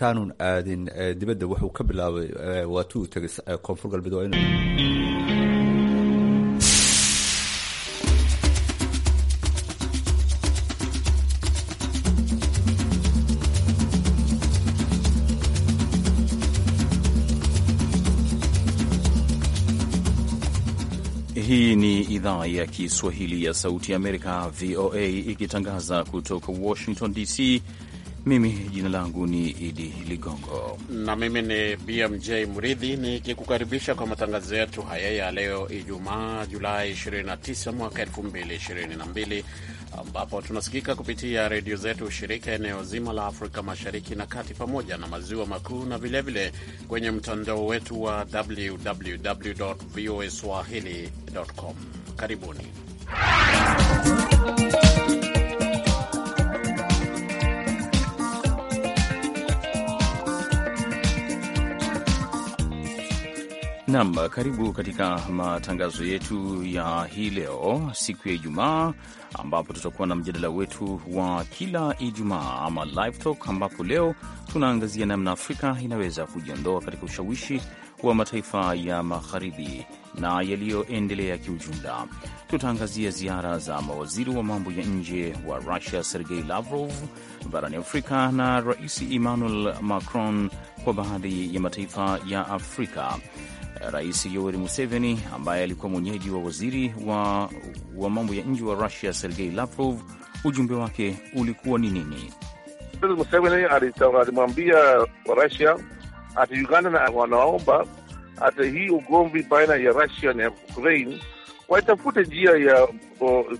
taanun aadin dibadda wuxuu ka bilaabay waatuu tegay koonfur galbeed waa inuu Hii ni idhaa ya Kiswahili ya Sauti ya Amerika, VOA, ikitangaza kutoka Washington DC. Mimi jina langu ni Idi Ligongo na mimi ni BMJ Mridhi nikikukaribisha kwa matangazo yetu haya ya leo Ijumaa Julai 29 mwaka 2022 ambapo tunasikika kupitia redio zetu shirika eneo zima la Afrika Mashariki na Kati pamoja na Maziwa Makuu na vilevile vile kwenye mtandao wetu wa www voa swahili.com. Karibuni Nam, karibu katika matangazo yetu ya hii leo, siku ya Ijumaa, ambapo tutakuwa na mjadala wetu wa kila Ijumaa ama live talk, ambapo leo tunaangazia namna Afrika inaweza kujiondoa katika ushawishi wa mataifa ya magharibi na yaliyoendelea kiujumla. Tutaangazia ziara za mawaziri wa mambo ya nje wa Rusia Sergei Lavrov barani Afrika na Rais Emmanuel Macron kwa baadhi ya mataifa ya Afrika. Rais Yoweri Museveni ambaye alikuwa mwenyeji wa waziri wa, wa mambo ya nje wa Russia Sergei Lavrov. Ujumbe wake ulikuwa ni nini? Museveni alimwambia wa Rusia ati Uganda na wanaomba hata hii ugomvi baina ya Rusia na Ukraine waitafute njia ya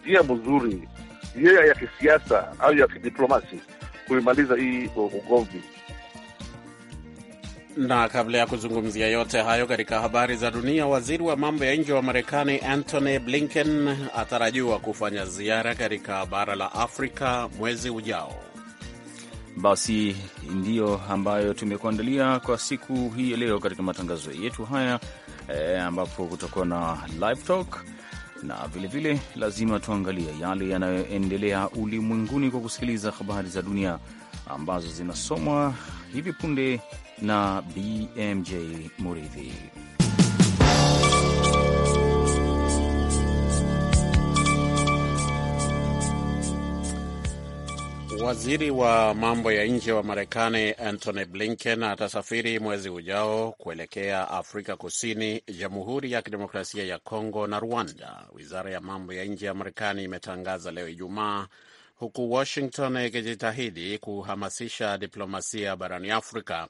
njia mzuri, njia ya kisiasa au ya kidiplomasi kuimaliza hii ugomvi. Na kabla ya kuzungumzia yote hayo katika habari za dunia, waziri wa mambo ya nje wa Marekani Antony Blinken atarajiwa kufanya ziara katika bara la Afrika mwezi ujao. Basi ndiyo ambayo tumekuandalia kwa siku hii ya leo katika matangazo yetu haya e, ambapo kutakuwa na live talk na vilevile vile, lazima tuangalie yale yanayoendelea ulimwenguni kwa kusikiliza habari za dunia ambazo zinasomwa hivi punde na BMJ Muridhi. Waziri wa mambo ya nje wa Marekani Antony Blinken atasafiri mwezi ujao kuelekea Afrika Kusini, Jamhuri ya Kidemokrasia ya Kongo na Rwanda, wizara ya mambo ya nje ya Marekani imetangaza leo Ijumaa, huku Washington ikijitahidi kuhamasisha diplomasia barani Afrika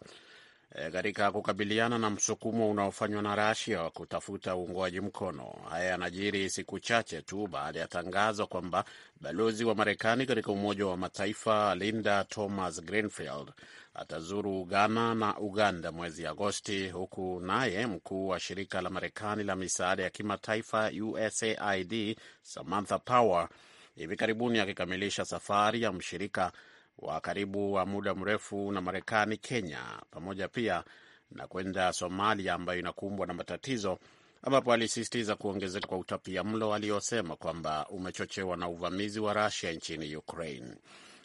Eh, katika kukabiliana na msukumo unaofanywa na Rasia wa kutafuta uungwaji mkono. Haya yanajiri siku chache tu baada ya tangazo kwamba balozi wa Marekani katika Umoja wa Mataifa Linda Thomas Greenfield atazuru Ghana na Uganda mwezi Agosti, huku naye mkuu wa shirika la Marekani la misaada ya kimataifa USAID Samantha Power hivi karibuni akikamilisha safari ya mshirika wa karibu wa muda mrefu na Marekani, Kenya, pamoja pia na kwenda Somalia ambayo inakumbwa na matatizo, ambapo alisisitiza kuongezeka kwa utapia mlo aliosema kwamba umechochewa na uvamizi wa Rusia nchini Ukraine.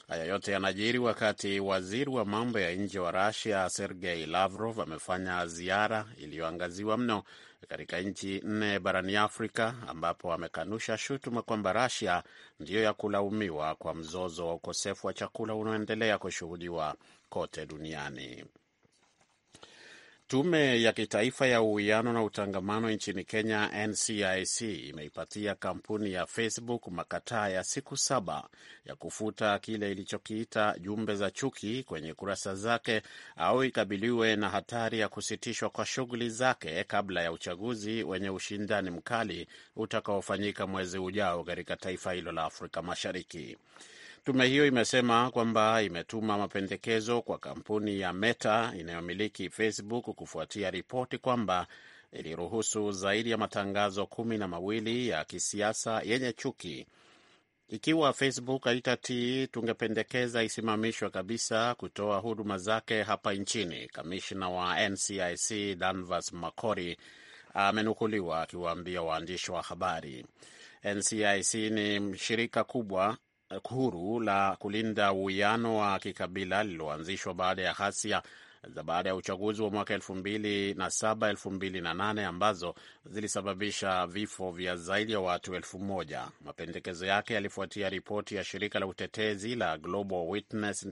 Haya yote yanajiri wakati waziri wa mambo ya nje wa Rusia Sergei Lavrov amefanya ziara iliyoangaziwa mno katika nchi nne barani Afrika, ambapo amekanusha shutuma kwamba Rusia ndiyo ya kulaumiwa kwa mzozo wa ukosefu wa chakula unaoendelea kushuhudiwa kote duniani. Tume ya Kitaifa ya Uwiano na Utangamano nchini Kenya, NCIC, imeipatia kampuni ya Facebook makataa ya siku saba ya kufuta kile ilichokiita jumbe za chuki kwenye kurasa zake au ikabiliwe na hatari ya kusitishwa kwa shughuli zake kabla ya uchaguzi wenye ushindani mkali utakaofanyika mwezi ujao katika taifa hilo la Afrika Mashariki. Tume hiyo imesema kwamba imetuma mapendekezo kwa kampuni ya Meta inayomiliki Facebook kufuatia ripoti kwamba iliruhusu zaidi ya matangazo kumi na mawili ya kisiasa yenye chuki. Ikiwa Facebook haitatii, tungependekeza isimamishwa kabisa kutoa huduma zake hapa nchini. Kamishna wa NCIC Danvas macori amenukuliwa akiwaambia waandishi wa habari. NCIC ni mshirika kubwa huru la kulinda uwiano wa kikabila lililoanzishwa baada ya ghasia za baada ya uchaguzi wa mwaka 2007 ambazo zilisababisha vifo vya zaidi ya watu elfu moja. Mapendekezo yake yalifuatia ripoti ya shirika la utetezi la Global Witness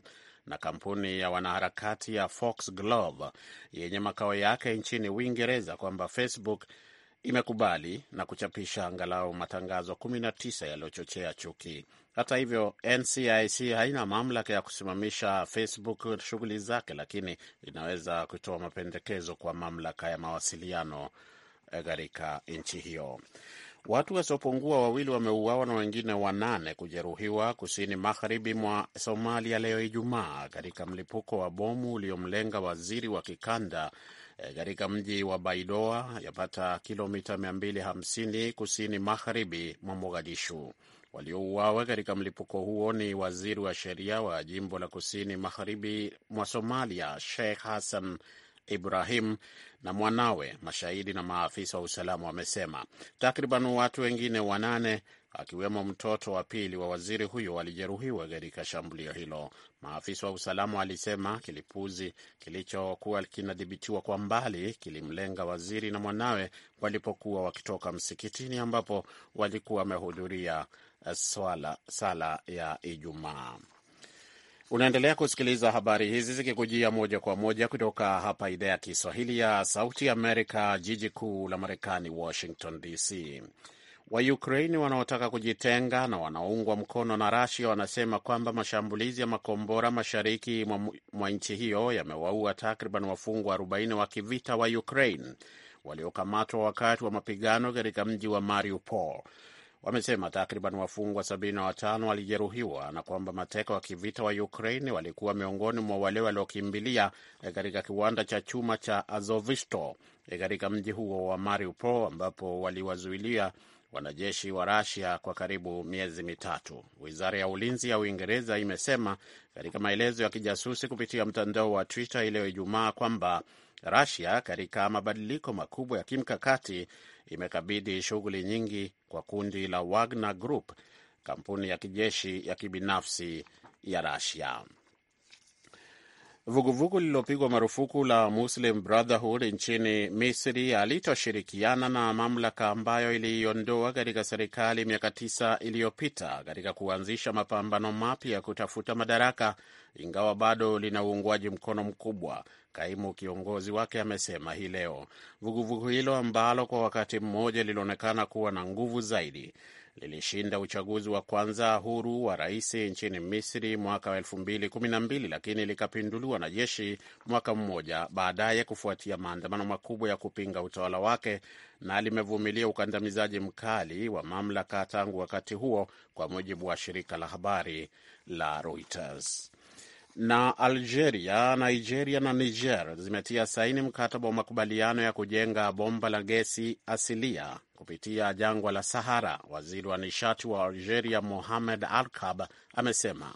na kampuni ya wanaharakati ya Fox Glove yenye makao yake nchini Uingereza kwamba Facebook imekubali na kuchapisha angalau matangazo 19 yaliyochochea chuki. Hata hivyo, NCIC haina mamlaka ya kusimamisha Facebook shughuli zake, lakini inaweza kutoa mapendekezo kwa mamlaka ya mawasiliano eh, katika nchi hiyo. Watu wasiopungua wawili wameuawa na wengine wanane kujeruhiwa kusini magharibi mwa Somalia leo Ijumaa, katika mlipuko wa bomu uliomlenga waziri wa kikanda eh, katika mji wa Baidoa, yapata kilomita 250 kusini magharibi mwa Mogadishu. Waliouawa katika mlipuko huo ni waziri wa sheria wa jimbo la kusini magharibi mwa Somalia, Sheikh Hassan Ibrahim na mwanawe, mashahidi na maafisa wa usalama wamesema. Takriban watu wengine wanane akiwemo mtoto wa pili wa waziri huyo walijeruhiwa katika shambulio hilo. Maafisa wa usalama walisema kilipuzi kilichokuwa kinadhibitiwa kwa mbali kilimlenga waziri na mwanawe walipokuwa wakitoka msikitini ambapo walikuwa wamehudhuria Eh, swala sala ya Ijumaa. Unaendelea kusikiliza habari hizi zikikujia moja kwa moja kutoka hapa idhaa ya Kiswahili ya Sauti Amerika, jiji kuu la Marekani, Washington DC. Waukraini wanaotaka kujitenga na wanaoungwa mkono na Rasia wanasema kwamba mashambulizi ya makombora mashariki mwa nchi hiyo yamewaua takriban wafungwa 40 wa kivita wa Ukraine waliokamatwa wakati wa mapigano katika mji wa Mariupol wamesema takriban wafungwa 75 walijeruhiwa na kwamba mateka wa kivita wa Ukraine walikuwa miongoni mwa wale waliokimbilia eh, katika kiwanda cha chuma cha Azovisto eh, katika mji huo wa Mariupol ambapo waliwazuilia wanajeshi wa Rasia kwa karibu miezi mitatu. Wizara ya ulinzi ya Uingereza imesema katika maelezo ya kijasusi kupitia mtandao wa Twitter iliyo Ijumaa kwamba Rasia katika mabadiliko makubwa ya kimkakati imekabidhi shughuli nyingi kwa kundi la Wagner Group, kampuni ya kijeshi ya kibinafsi ya Rasia. Vuguvugu lililopigwa marufuku la Muslim Brotherhood nchini Misri alitoshirikiana na mamlaka ambayo iliiondoa katika serikali miaka tisa iliyopita katika kuanzisha mapambano mapya ya kutafuta madaraka, ingawa bado lina uungwaji mkono mkubwa. Kaimu kiongozi wake amesema hii leo vuguvugu hilo ambalo kwa wakati mmoja lilionekana kuwa na nguvu zaidi lilishinda uchaguzi wa kwanza huru wa rais nchini Misri mwaka wa elfu mbili kumi na mbili lakini likapinduliwa na jeshi mwaka mmoja baadaye kufuatia maandamano makubwa ya kupinga utawala wake, na limevumilia ukandamizaji mkali wa mamlaka tangu wakati huo, kwa mujibu wa shirika la habari la Reuters na Algeria, Nigeria na Niger zimetia saini mkataba wa makubaliano ya kujenga bomba la gesi asilia kupitia jangwa la Sahara. Waziri wa nishati wa Algeria Mohamed Alkab amesema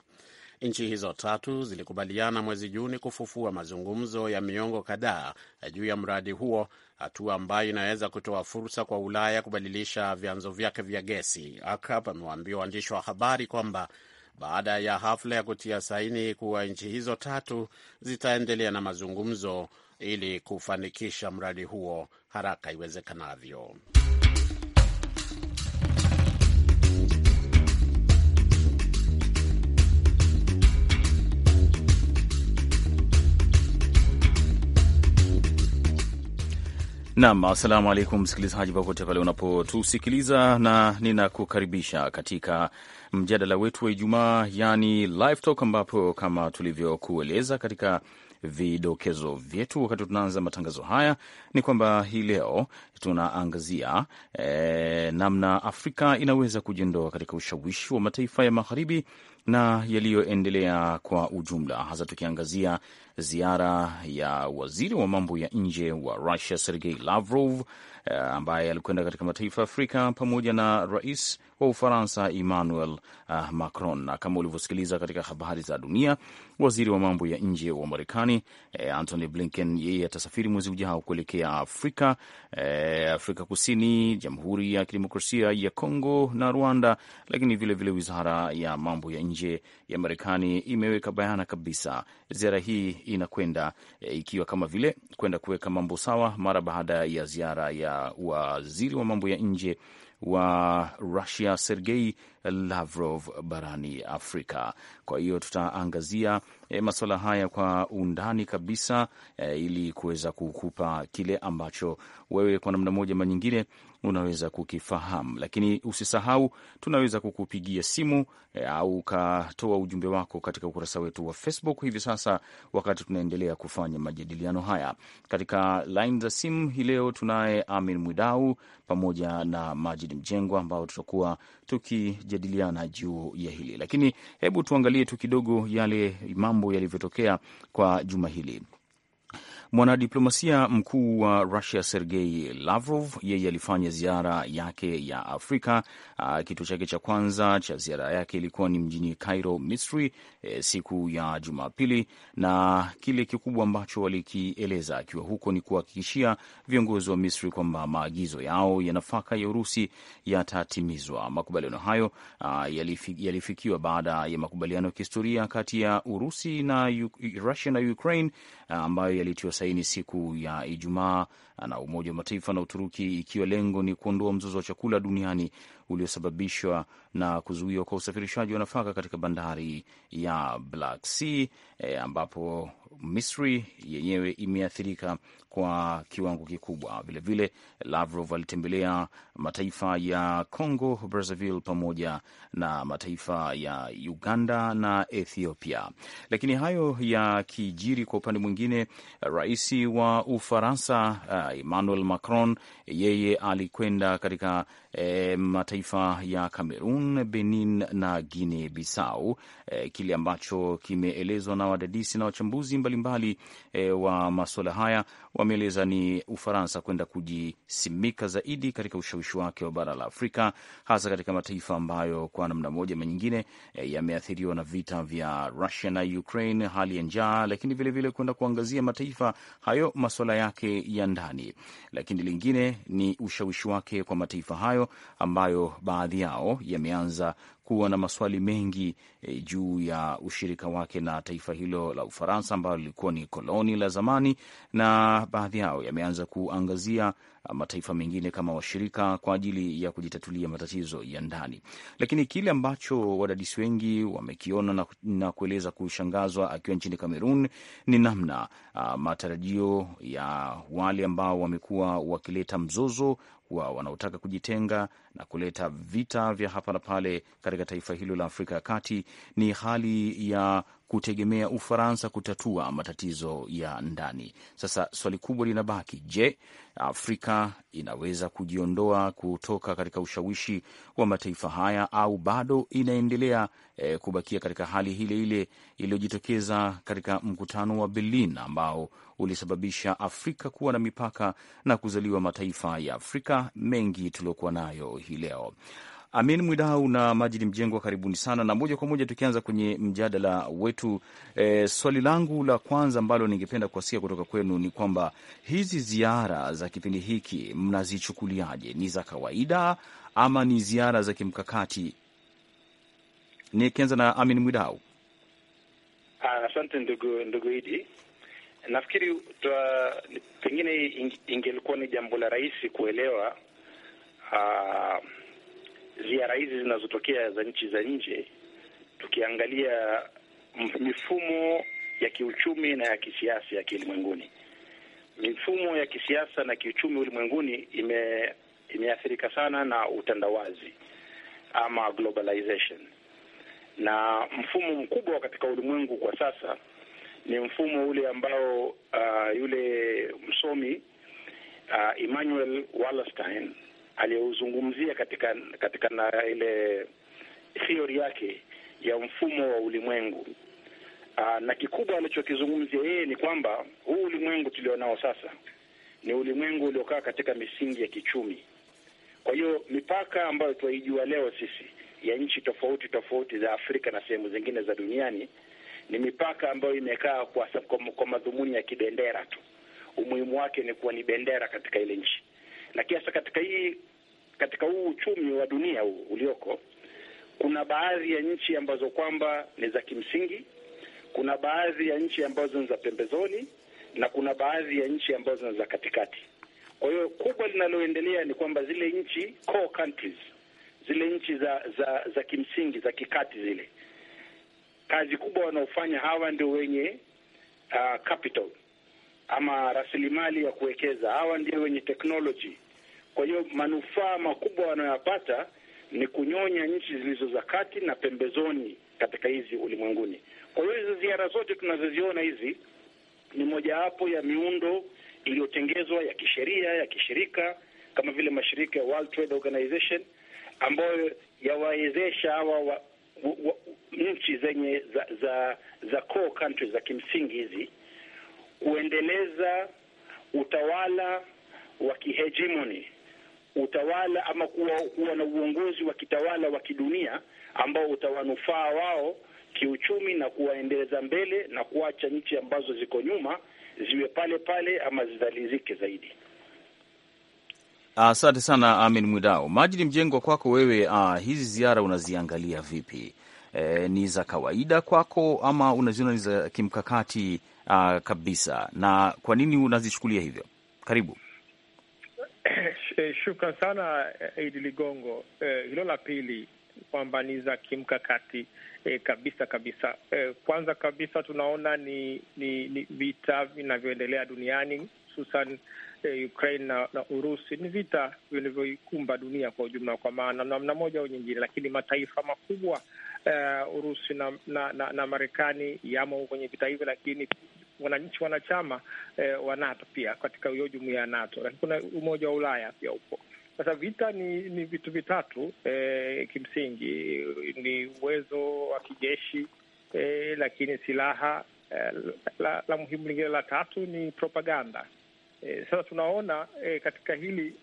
nchi hizo tatu zilikubaliana mwezi Juni kufufua mazungumzo ya miongo kadhaa juu ya mradi huo, hatua ambayo inaweza kutoa fursa kwa Ulaya kubadilisha vyanzo vyake vya gesi. Akab amewaambia waandishi wa habari kwamba baada ya hafla ya kutia saini kuwa nchi hizo tatu zitaendelea na mazungumzo ili kufanikisha mradi huo haraka iwezekanavyo. Nam, assalamu alaikum msikilizaji, popote pale unapotusikiliza, na ninakukaribisha katika mjadala wetu wa Ijumaa, yani live talk, ambapo kama tulivyokueleza katika vidokezo vyetu wakati tunaanza matangazo haya ni kwamba hii leo tunaangazia e, namna Afrika inaweza kujiondoa katika ushawishi wa mataifa ya magharibi na yaliyoendelea kwa ujumla, hasa tukiangazia ziara ya waziri wa mambo ya nje wa Russia Sergei Lavrov eh, ambaye alikwenda katika mataifa ya Afrika pamoja na rais wa Ufaransa Emmanuel uh, Macron. Na kama ulivyosikiliza katika habari za dunia, waziri wa mambo ya nje wa Marekani e, Antony Blinken yeye atasafiri mwezi ujao kuelekea Afrika e, Afrika Kusini, Jamhuri ya Kidemokrasia ya Kongo na Rwanda. Lakini vilevile vile wizara ya mambo ya nje ya Marekani imeweka bayana kabisa ziara hii inakwenda e, ikiwa kama vile kwenda kuweka mambo sawa mara baada ya ziara ya waziri wa mambo ya nje wa Rusia Sergei Lavrov barani Afrika. Kwa hiyo tutaangazia e, masuala haya kwa undani kabisa e, ili kuweza kukupa kile ambacho wewe kwa namna moja ama nyingine unaweza kukifahamu, lakini usisahau, tunaweza kukupigia simu e, au ukatoa ujumbe wako katika ukurasa wetu wa Facebook hivi sasa, wakati tunaendelea kufanya majadiliano haya. Katika lin za simu hii leo tunaye Amin Mwidau pamoja na Majid Mjengwa ambao tutakuwa tukijadiliana juu ya hili, lakini hebu tuangalie tu kidogo yale mambo yalivyotokea kwa juma hili. Mwanadiplomasia mkuu wa Russia Sergei Lavrov yeye alifanya ziara yake ya Afrika. Ah, kituo chake cha kwanza cha ziara yake ilikuwa ni mjini Cairo, Misri, e, siku ya Jumapili, na kile kikubwa ambacho walikieleza akiwa huko ni kuhakikishia viongozi wa Misri kwamba maagizo yao ya nafaka ya Urusi yatatimizwa. Makubaliano hayo ah, yalifikiwa baada ya makubaliano ya kihistoria kati ya Urusi na Rusia na Ukraine ah, ambayo yalitiwa saini siku ya Ijumaa na Umoja wa Mataifa na Uturuki, ikiwa lengo ni kuondoa mzozo wa chakula duniani uliosababishwa na kuzuiwa kwa usafirishaji wa nafaka katika bandari ya Black Sea, e, ambapo Misri yenyewe imeathirika kwa kiwango kikubwa. Vilevile Lavrov alitembelea mataifa ya Congo Brazzaville pamoja na mataifa ya Uganda na Ethiopia. Lakini hayo yakijiri, kwa upande mwingine, rais wa Ufaransa e, Emmanuel Macron yeye alikwenda katika e, mataifa ya Cameroon, Benin na Guinea Bissau, e, kile ambacho kimeelezwa na wadadisi na wachambuzi mbalimbali mbali, e, wa masuala haya wameeleza ni Ufaransa kwenda kujisimika zaidi katika ushawishi wake wa bara la Afrika, hasa katika mataifa ambayo kwa namna moja ama nyingine eh, yameathiriwa na vita vya russia na Ukraine, hali ya njaa, lakini vilevile kwenda kuangazia mataifa hayo masuala yake ya ndani. Lakini lingine ni ushawishi wake kwa mataifa hayo ambayo baadhi yao yameanza kuwa na maswali mengi e, juu ya ushirika wake na taifa hilo la Ufaransa ambalo lilikuwa ni koloni la zamani, na baadhi yao yameanza kuangazia mataifa mengine kama washirika kwa ajili ya kujitatulia matatizo ya ndani. Lakini kile ambacho wadadisi wengi wamekiona na, na kueleza kushangazwa akiwa nchini Kamerun ni namna a, matarajio ya wale ambao wamekuwa wakileta mzozo wa wanaotaka kujitenga na kuleta vita vya hapa na pale katika taifa hilo la Afrika ya Kati, ni hali ya kutegemea Ufaransa kutatua matatizo ya ndani. Sasa swali kubwa linabaki, je, Afrika inaweza kujiondoa kutoka katika ushawishi wa mataifa haya au bado inaendelea eh, kubakia katika hali hile ile iliyojitokeza katika mkutano wa Berlin ambao ulisababisha Afrika kuwa na mipaka na kuzaliwa mataifa ya Afrika mengi tuliokuwa nayo hii leo. Amin Mwidau na Majidi Mjengwa, karibuni sana, na moja kwa moja tukianza kwenye mjadala wetu. E, swali langu la kwanza ambalo ningependa kuwasikia kutoka kwenu ni kwamba hizi ziara za kipindi hiki mnazichukuliaje? Ni za kawaida ama ni ziara za kimkakati? Nikianza na Amin Mwidau. Ah, asante ndugu ndugu Idi, nafikiri pengine ingelikuwa ni jambo la rahisi kuelewa uh, ziara hizi zinazotokea za nchi za nje, tukiangalia mifumo ya kiuchumi na ya kisiasa ya kiulimwenguni, mifumo ya kisiasa na kiuchumi ulimwenguni ime imeathirika sana na utandawazi ama globalization, na mfumo mkubwa katika ulimwengu kwa sasa ni mfumo ule ambao uh, yule msomi uh, ah, Emmanuel Wallerstein aliyozungumzia katika katika na ile theory yake ya mfumo wa ulimwengu. Aa, ah, na kikubwa alichokizungumzia yeye ni kwamba huu ulimwengu tulionao sasa ni ulimwengu uliokaa katika misingi ya kichumi. Kwa hiyo mipaka ambayo tunaijua leo sisi ya nchi tofauti tofauti za Afrika na sehemu zingine za duniani ni mipaka ambayo imekaa kwa, kwa, kwa madhumuni ya kibendera tu. Umuhimu wake ni kuwa ni bendera katika ile nchi. Lakini hasa katika hii katika huu uchumi wa dunia huu ulioko, kuna baadhi ya nchi ambazo kwamba ni za kimsingi, kuna baadhi ya nchi ambazo ni za pembezoni, na kuna baadhi ya nchi ambazo ni za katikati. Kwa hiyo kubwa linaloendelea ni kwamba zile nchi core countries, zile nchi za za za kimsingi za kikati, zile kazi kubwa wanaofanya hawa ndio wenye uh, capital ama rasilimali ya kuwekeza. Hawa ndio wenye teknoloji. Kwa hiyo manufaa makubwa wanayoyapata ni kunyonya nchi zilizo za kati na pembezoni katika hizi ulimwenguni. Kwa hiyo hizi ziara zote tunazoziona hizi ni mojawapo ya miundo iliyotengezwa ya kisheria ya kishirika kama vile mashirika ya World Trade Organization ambayo yawawezesha hawa wa, wa, wa, nchi zenye za za, za core countries za kimsingi hizi kuendeleza utawala wa kihegemoni, utawala ama kuwa, kuwa na uongozi wa kitawala wa kidunia ambao utawanufaa wao kiuchumi na kuwaendeleza mbele na kuacha nchi ambazo ziko nyuma ziwe pale pale ama zidalizike zaidi. Asante sana Amin Mwidao. Majini Mjengwa, kwako wewe, ah, hizi ziara unaziangalia vipi? E, ni za kawaida kwako ama unaziona ni za kimkakati uh, kabisa. Na kwa nini unazichukulia hivyo? Karibu. Eh, shukran sana eh, Idi Ligongo. Eh, hilo la pili kwamba ni za kimkakati eh, kabisa kabisa. Eh, kwanza kabisa tunaona ni, ni, ni vita vinavyoendelea duniani hususan eh, Ukraine na, na Urusi ni vita vinavyoikumba dunia kwa ujumla, kwa maana namna moja au nyingine, lakini mataifa makubwa Uh, Urusi na na, na, na Marekani yamo kwenye vita hivyo lakini wananchi wanachama eh, wa NATO pia katika hiyo jumuiya ya NATO, lakini kuna umoja wa Ulaya pia upo. Sasa vita ni ni vitu vitatu eh, kimsingi ni uwezo wa kijeshi eh, lakini silaha eh, la, la, la muhimu lingine la tatu ni propaganda eh, sasa tunaona eh, katika hili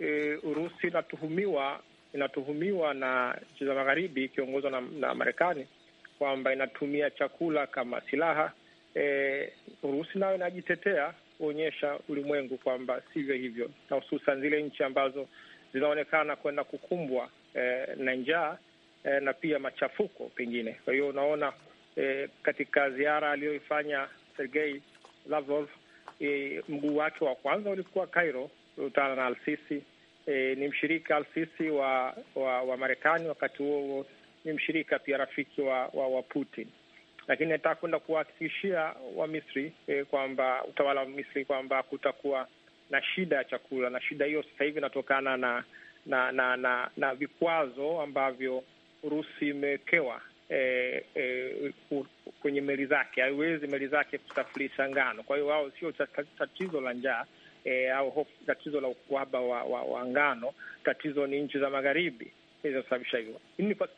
eh, Urusi inatuhumiwa inatuhumiwa na nchi za Magharibi ikiongozwa na, na Marekani kwamba inatumia chakula kama silaha eh, Urusi nayo inajitetea kuonyesha ulimwengu kwamba sivyo hivyo, na hususan zile nchi ambazo zinaonekana kwenda kukumbwa eh, na njaa eh, na pia machafuko pengine. Kwa hiyo unaona eh, katika ziara aliyoifanya Sergei Lavrov eh, mguu wake wa kwanza ulikuwa Cairo kukutana na Alsisi. E, ni mshirika Alsisi wa wa, wa Marekani, wakati huo huo ni mshirika pia rafiki wa, wa, wa Putin lakini nataka kwenda kuwahakikishia Wamisri eh, kwamba utawala wa Misri kwamba kutakuwa na shida ya chakula, na shida hiyo sasa hivi inatokana na na na na, na vikwazo ambavyo Urusi imewekewa e, e, kwenye meli zake. Haiwezi meli zake kusafirisha ngano, kwa hiyo wao sio tatizo la njaa e, au hofu, tatizo la ukwaba wa, wa, wa ngano. Tatizo ni nchi za magharibi zinasababisha hivyo.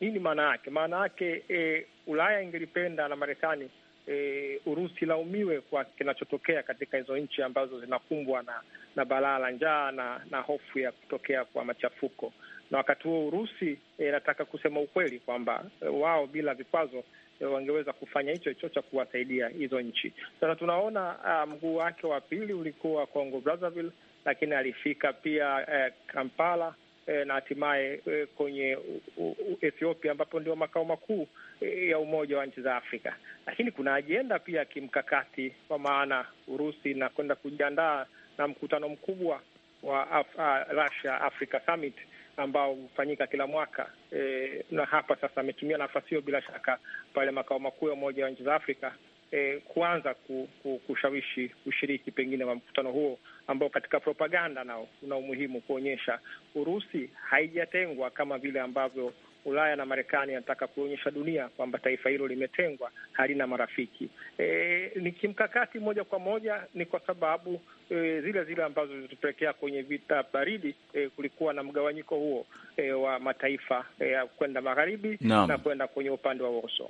Nini maana yake? Maana yake e, Ulaya ingelipenda na Marekani e, Urusi ilaumiwe kwa kinachotokea katika hizo nchi ambazo zinakumbwa na na balaa la njaa na na hofu ya kutokea kwa machafuko, na wakati huo Urusi e, inataka e, kusema ukweli kwamba e, wao bila vikwazo e, wangeweza kufanya hicho hicho cha kuwasaidia hizo nchi. Sasa tunaona mguu wake wa pili ulikuwa Congo Brazzaville, lakini alifika pia e, Kampala e, na hatimaye e, kwenye u, u, Ethiopia ambapo ndio makao makuu e, ya Umoja wa Nchi za Afrika. Lakini kuna ajenda pia ya kimkakati, kwa maana Urusi inakwenda kujiandaa na mkutano mkubwa wa Af ah, Russia Africa Summit ambao hufanyika kila mwaka e, na hapa sasa ametumia nafasi hiyo bila shaka pale makao makuu ya Umoja wa Nchi za Afrika eh, kuanza ku, ku, kushawishi ushiriki pengine wa mkutano huo ambao katika propaganda nao una umuhimu kuonyesha Urusi haijatengwa kama vile ambavyo Ulaya na Marekani anataka kuonyesha dunia kwamba taifa hilo limetengwa, halina marafiki. E, ni kimkakati moja kwa moja, ni kwa sababu e, zile zile ambazo zilitupelekea kwenye vita baridi e, kulikuwa na mgawanyiko huo e, wa mataifa e, kwenda magharibi no. na kwenda kwenye upande wa woso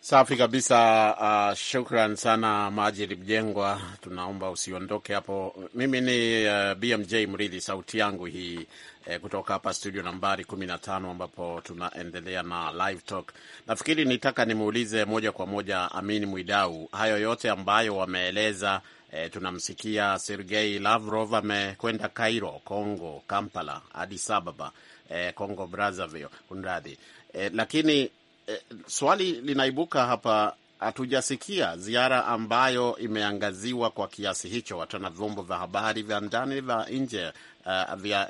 Safi kabisa. Uh, shukran sana Majid Mjengwa, tunaomba usiondoke hapo. Mimi ni uh, BMJ Mridhi, sauti yangu hii eh, kutoka hapa studio nambari 15 ambapo tunaendelea na live talk. Nafikiri nitaka nimuulize moja kwa moja Amin Mwidau, hayo yote ambayo wameeleza E, tunamsikia Sergei Lavrov amekwenda Cairo, Congo, Kampala, Addis Ababa, e, Congo Brazzaville, kunradhi E, lakini eh, swali linaibuka hapa, hatujasikia ziara ambayo imeangaziwa kwa kiasi hicho hata na vyombo vya habari vya ndani vya nje uh, vya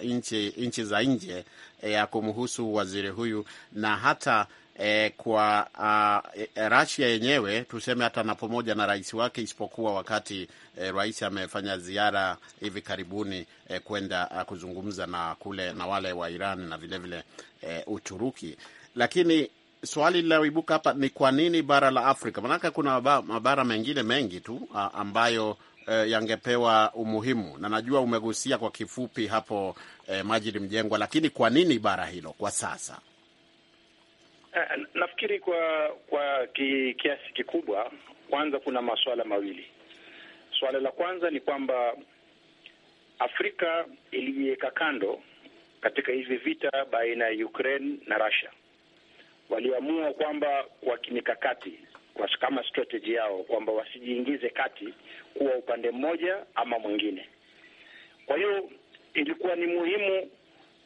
nchi za nje eh, ya eh, kumhusu waziri huyu na hata E, kwa uh, Russia yenyewe tuseme hata na pamoja na rais wake, isipokuwa wakati e, rais amefanya ziara hivi karibuni e, kwenda uh, kuzungumza na kule na wale wa Iran na vilevile vile, e, Uturuki, lakini swali linayoibuka hapa ni kwa nini bara la Afrika? Maanake kuna mabara mengine mengi tu a, ambayo e, yangepewa umuhimu, na najua umegusia kwa kifupi hapo e, Majid Mjengwa, lakini kwa nini bara hilo kwa sasa? E, nafikiri kwa kwa kiasi kikubwa, kwanza kuna masuala mawili. Suala la kwanza ni kwamba Afrika ilijiweka kando katika hivi vita baina ya Ukraine na Russia waliamua kwamba kwa kimikakati kwa kama strategy yao kwamba wasijiingize kati kuwa upande mmoja ama mwingine. Kwa hiyo ilikuwa ni muhimu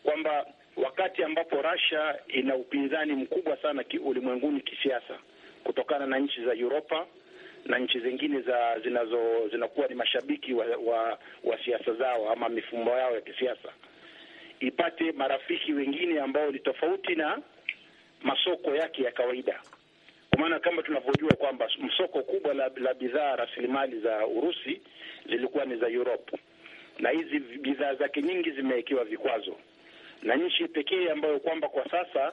kwamba wakati ambapo Russia ina upinzani mkubwa sana ki ulimwenguni kisiasa kutokana na nchi za Europa na nchi zingine za zinazo zinakuwa ni mashabiki wa, wa, wa siasa zao ama mifumo yao ya kisiasa, ipate marafiki wengine ambao ni tofauti na masoko yake ya kawaida, kwa maana kama tunavyojua kwamba msoko kubwa la, la bidhaa rasilimali za Urusi zilikuwa ni za Europe, na hizi bidhaa zake nyingi zimewekewa vikwazo, na nchi pekee ambayo kwamba kwa sasa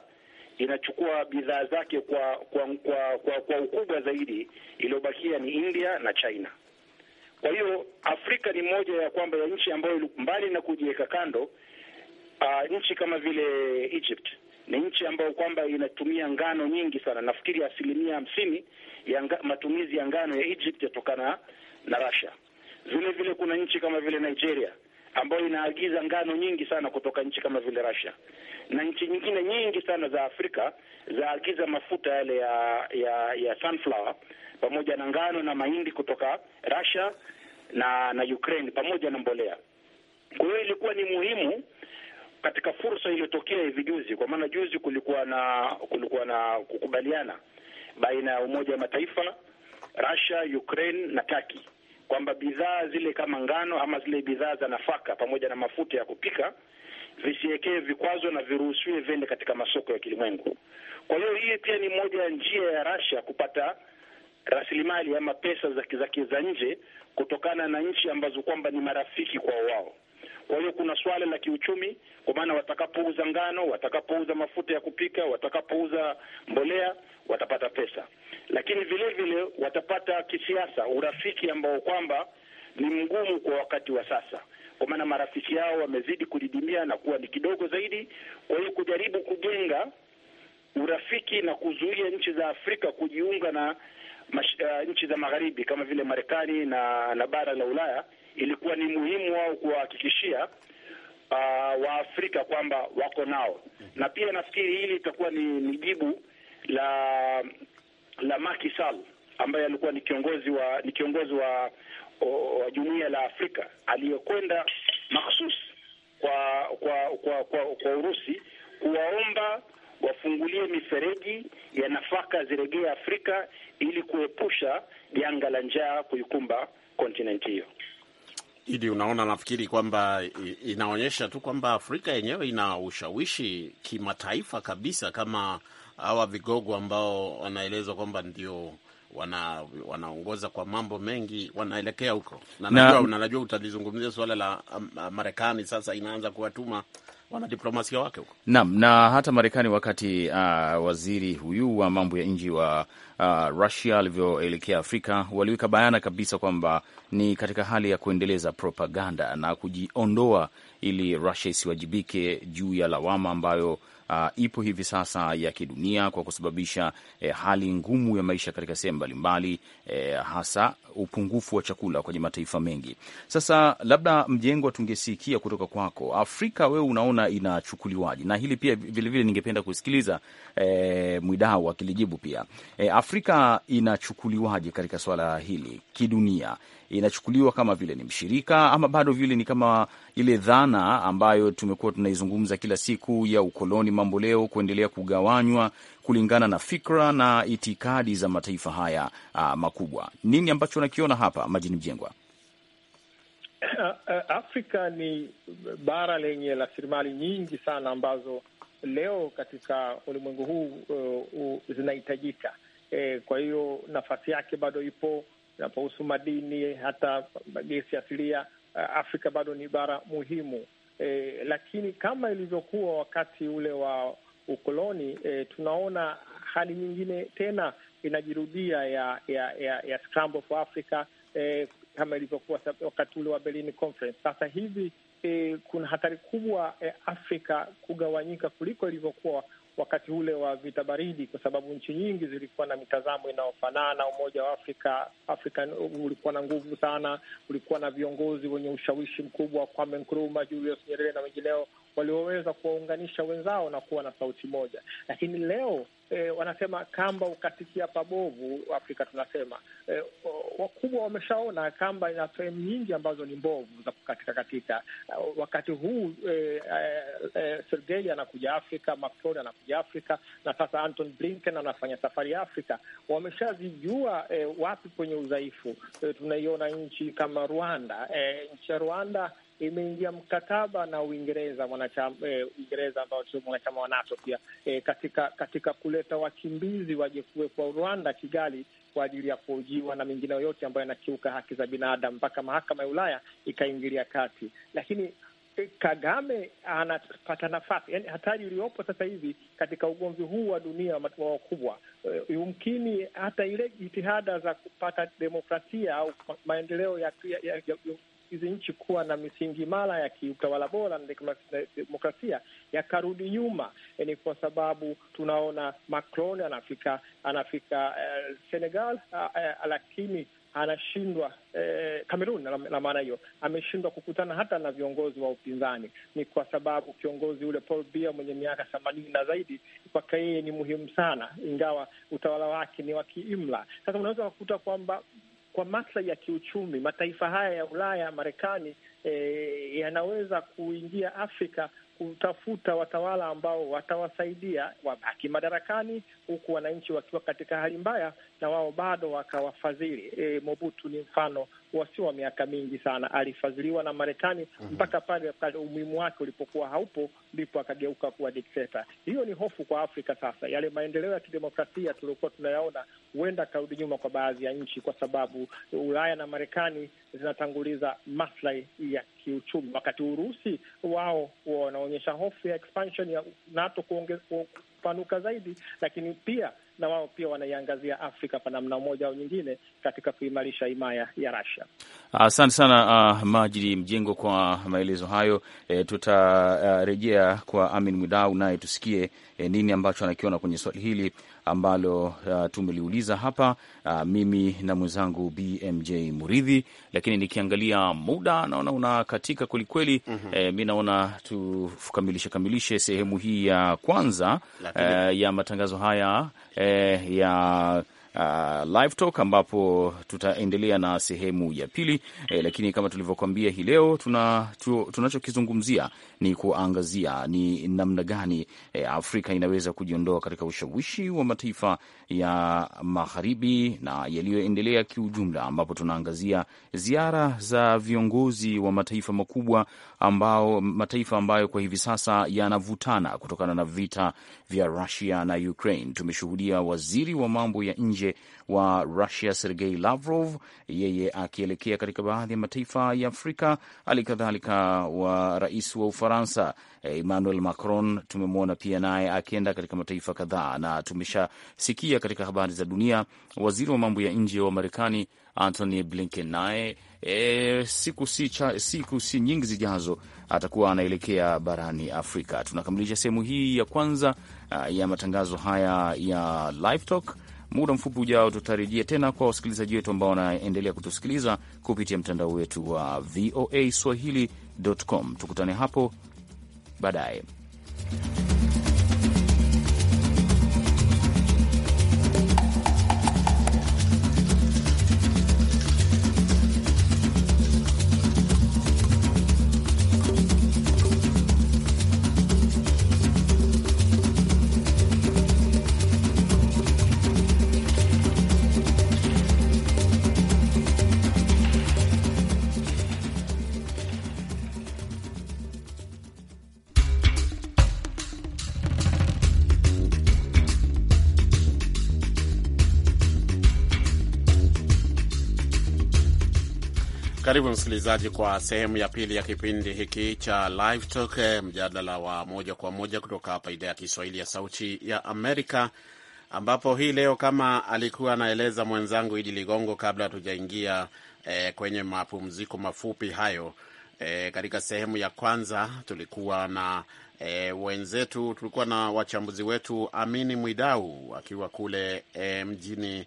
inachukua bidhaa zake kwa kwa kwa, kwa, kwa ukubwa zaidi iliyobakia ni India na China. Kwa hiyo Afrika ni moja ya kwamba ya nchi ambayo mbali na kujiweka kando, uh, nchi kama vile Egypt ni nchi ambayo kwamba inatumia ngano nyingi sana. Nafikiri asilimia hamsini ya matumizi ya ngano ya Egypt yatokana na Russia. Vile vile kuna nchi kama vile Nigeria ambayo inaagiza ngano nyingi sana kutoka nchi kama vile Russia, na nchi nyingine nyingi sana za Afrika zaagiza mafuta yale ya ya, ya sunflower pamoja na ngano na mahindi kutoka Russia na na Ukraine pamoja na mbolea. Kwa hiyo ilikuwa ni muhimu katika fursa iliyotokea hivi juzi, kwa maana juzi kulikuwa na kulikuwa na kukubaliana baina ya Umoja wa Mataifa, Russia, Ukraine na taki kwamba bidhaa zile kama ngano ama zile bidhaa za nafaka pamoja na mafuta ya kupika visiekee vikwazo na viruhusiwe vende katika masoko ya kilimwengu. Kwa hiyo hii pia ni moja ya njia ya Russia kupata rasilimali ama pesa za nje kutokana na nchi ambazo kwamba ni marafiki kwa wao. Kwa hiyo kuna swala la kiuchumi, kwa maana watakapouza ngano, watakapouza mafuta ya kupika, watakapouza mbolea watapata pesa, lakini vile vile watapata kisiasa urafiki ambao kwamba ni mgumu kwa wakati wa sasa, kwa maana marafiki yao wamezidi kudidimia na kuwa ni kidogo zaidi. Kwa hiyo kujaribu kujenga urafiki na kuzuia nchi za Afrika kujiunga na mash, uh, nchi za magharibi kama vile Marekani na, na bara la Ulaya ilikuwa ni muhimu wao kuwahakikishia uh, Waafrika kwamba wako nao, na pia nafikiri hili itakuwa ni, ni jibu la la Macky Sall ambaye alikuwa ni kiongozi wa ni kiongozi wa wa jumuiya la Afrika aliyokwenda makhsus kwa kwa kwa, kwa, kwa Urusi kuwaomba wafungulie mifereji ya nafaka ziregee Afrika ili kuepusha janga la njaa kuikumba kontinenti hiyo. Idi, unaona, nafikiri kwamba inaonyesha tu kwamba Afrika yenyewe ina ushawishi kimataifa kabisa, kama hawa vigogo ambao wanaelezwa kwamba ndio wana wanaongoza kwa mambo mengi, wanaelekea huko na najua na, unajua utalizungumzia suala la um, Marekani sasa inaanza kuwatuma wanadiplomasia wake huko. Naam, na hata Marekani wakati uh, waziri huyu wa mambo ya nje wa uh, Russia alivyoelekea Afrika waliweka bayana kabisa kwamba ni katika hali ya kuendeleza propaganda na kujiondoa ili Russia isiwajibike juu ya lawama ambayo uh, ipo hivi sasa ya kidunia kwa kusababisha eh, hali ngumu ya maisha katika sehemu mbalimbali eh, hasa upungufu wa chakula kwenye mataifa mengi. Sasa labda Mjengwa, tungesikia kutoka kwako, Afrika wewe unaona inachukuliwaje? Na hili pia vilevile ningependa kusikiliza eh, mwidau akilijibu pia eh, Afrika inachukuliwaje katika swala hili kidunia? inachukuliwa kama vile ni mshirika ama bado vile ni kama ile dhana ambayo tumekuwa tunaizungumza kila siku ya ukoloni mamboleo kuendelea kugawanywa kulingana na fikra na itikadi za mataifa haya a, makubwa. Nini ambacho anakiona hapa, Majini Mjengwa? Afrika ni bara lenye rasilimali nyingi sana ambazo leo katika ulimwengu huu uh, uh, zinahitajika. Eh, kwa hiyo nafasi yake bado ipo inapohusu madini, hata gesi asilia. Eh, Afrika bado ni bara muhimu e, lakini kama ilivyokuwa wakati ule wa ukoloni e, tunaona hali nyingine tena inajirudia ya ya ya, ya scramble for Africa e, kama ilivyokuwa wakati ule wa Berlin Conference. Sasa hivi e, kuna hatari kubwa ya Afrika kugawanyika kuliko ilivyokuwa wakati ule wa vita baridi, kwa sababu nchi nyingi zilikuwa na mitazamo inayofanana. Umoja wa Afrika Afrika ulikuwa na nguvu sana, ulikuwa na viongozi wenye ushawishi mkubwa, Kwame Nkrumah, Julius Nyerere na wengineo walioweza kuwaunganisha wenzao na kuwa na sauti moja, lakini leo E, wanasema kamba ukatikia pabovu. Afrika tunasema e, wakubwa wameshaona kamba ina sehemu nyingi ambazo ni mbovu za kukatika katika. Eh, wakati huu e, e, Sergei anakuja Afrika, Macron anakuja Afrika, na sasa Anton Blinken anafanya safari ya Afrika. Wameshazijua e, wapi kwenye udhaifu e, tunaiona nchi kama Rwanda e, nchi ya Rwanda imeingia mkataba na Uingereza, eh, Uingereza ambao sio mwanachama wa NATO pia e, katika katika kuleta wakimbizi waje kuwekwa Rwanda, Kigali kwa ajili ya kuhojiwa na mengine yoyote ambayo yanakiuka haki za binadamu, mpaka mahakama ya Ulaya ikaingilia kati, lakini eh, Kagame anapata nafasi, yani hatari iliyopo sasa hivi katika ugomvi huu wa dunia wa wakubwa, yumkini hata ile jitihada za kupata demokrasia au maendeleo ya, ya, ya, ya, hizi nchi kuwa na misingi imara ya kiutawala bora na demokrasia yakarudi nyuma. Eh, ni kwa sababu tunaona Macron anafika anafika uh, Senegal uh, lakini anashindwa Kamerun eh, na maana hiyo ameshindwa kukutana hata na viongozi wa upinzani. Ni kwa sababu kiongozi ule Paul Biya mwenye miaka themanini na zaidi mpaka yeye ni muhimu sana, ingawa utawala wake ni wa kiimla. Sasa unaweza kukuta kwamba kwa maslahi ya kiuchumi mataifa haya ya Ulaya, Marekani eh, yanaweza kuingia Afrika kutafuta watawala ambao watawasaidia wabaki madarakani, huku wananchi wakiwa katika hali mbaya na wao bado wakawafadhili. E, Mobutu ni mfano wasio wa miaka mingi sana, alifadhiliwa na Marekani mhm. mpaka pale umuhimu wake ulipokuwa haupo, ndipo akageuka kuwa dikteta. Hiyo ni hofu kwa Afrika. Sasa yale maendeleo ya kidemokrasia tuliokuwa tunayaona huenda akarudi nyuma kwa baadhi ya nchi, kwa sababu Ulaya na Marekani zinatanguliza maslahi ya kiuchumi, wakati Urusi wao wanaonyesha hofu ya expansion ya NATO kupanuka zaidi, lakini pia na wao pia wanaiangazia Afrika kwa namna moja au nyingine katika kuimarisha himaya ya Russia. Asante sana uh, Majidi Mjengo kwa maelezo hayo. E, tutarejea uh, kwa Amin Mwidau naye tusikie e, nini ambacho anakiona kwenye swali hili ambalo uh, tumeliuliza hapa uh, mimi na mwenzangu BMJ Muridhi, lakini nikiangalia muda naona unakatika kwelikweli. mm -hmm. E, mi naona tukamilishe kamilishe sehemu hii ya kwanza uh, ya matangazo haya e, eh, ya Uh, live talk ambapo tutaendelea na sehemu ya pili eh, lakini kama tulivyokuambia hii leo tuna, tu, tunachokizungumzia ni kuangazia ni namna gani eh, Afrika inaweza kujiondoa katika ushawishi wa mataifa ya magharibi na yaliyoendelea kiujumla, ambapo tunaangazia ziara za viongozi wa mataifa makubwa ambao mataifa ambayo kwa hivi sasa yanavutana kutokana na vita vya Rusia na Ukraine. Tumeshuhudia waziri wa mambo ya nje wa Rusia Sergei Lavrov, yeye akielekea katika baadhi ya mataifa ya Afrika, hali kadhalika wa rais wa Ufaransa Emmanuel Macron tumemwona pia naye akienda katika mataifa kadhaa, na tumeshasikia katika habari za dunia waziri wa mambo ya nje wa Marekani Antony Blinken naye e, siku, si siku si nyingi zijazo atakuwa anaelekea barani Afrika. Tunakamilisha sehemu hii ya kwanza ya matangazo haya ya Live Talk. Muda mfupi ujao tutarejia tena kwa wasikilizaji wetu ambao wanaendelea kutusikiliza kupitia mtandao wetu wa voa swahili.com. Tukutane hapo baadaye. Karibu msikilizaji, kwa sehemu ya pili ya kipindi hiki cha Live Talk, eh, mjadala wa moja kwa moja kutoka hapa idhaa ya Kiswahili ya Sauti ya Amerika, ambapo hii leo kama alikuwa anaeleza mwenzangu Idi Ligongo kabla hatujaingia eh, kwenye mapumziko mafupi hayo eh, katika sehemu ya kwanza tulikuwa na E, wenzetu tulikuwa na wachambuzi wetu Amini Mwidau akiwa kule e, mjini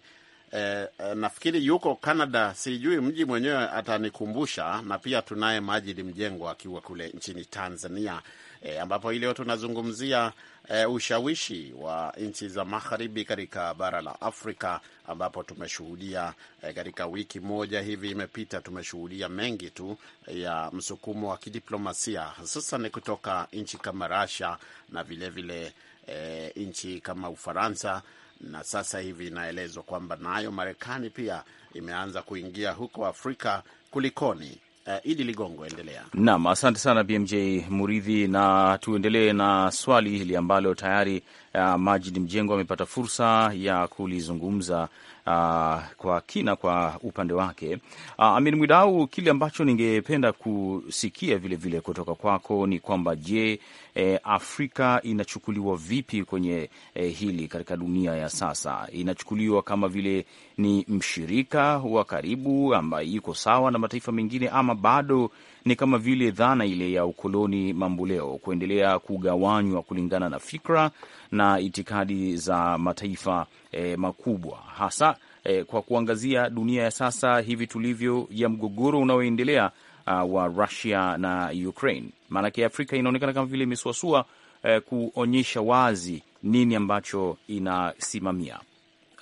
Eh, eh, nafikiri yuko Canada, sijui mji mwenyewe atanikumbusha. Na pia tunaye Majidi Mjengo akiwa kule nchini Tanzania, e, ambapo hii leo tunazungumzia e, ushawishi wa nchi za magharibi katika bara la Afrika, ambapo tumeshuhudia e, katika wiki moja hivi imepita, tumeshuhudia mengi tu ya msukumo wa kidiplomasia hususan kutoka nchi kama Russia na vilevile vile, e, nchi kama Ufaransa na sasa hivi inaelezwa kwamba nayo Marekani pia imeanza kuingia huko Afrika. Kulikoni? Uh, Idi Ligongo, endelea. Naam, asante sana BMJ Muridhi, na tuendelee na swali hili ambalo tayari uh, Majid Mjengo amepata fursa ya kulizungumza uh, kwa kina kwa upande wake. Uh, Amin Mwidau, kile ambacho ningependa kusikia vilevile vile kutoka kwako ni kwamba je, eh, Afrika inachukuliwa vipi kwenye eh, hili katika dunia ya sasa? Inachukuliwa kama vile ni mshirika wa karibu ambaye iko sawa na mataifa mengine ama bado ni kama vile dhana ile ya ukoloni mambuleo kuendelea kugawanywa kulingana na fikra na itikadi za mataifa e, makubwa hasa e, kwa kuangazia dunia ya sasa hivi tulivyo ya mgogoro unaoendelea uh, wa Russia na Ukraine. Maanake Afrika inaonekana kama vile imesuasua e, kuonyesha wazi nini ambacho inasimamia.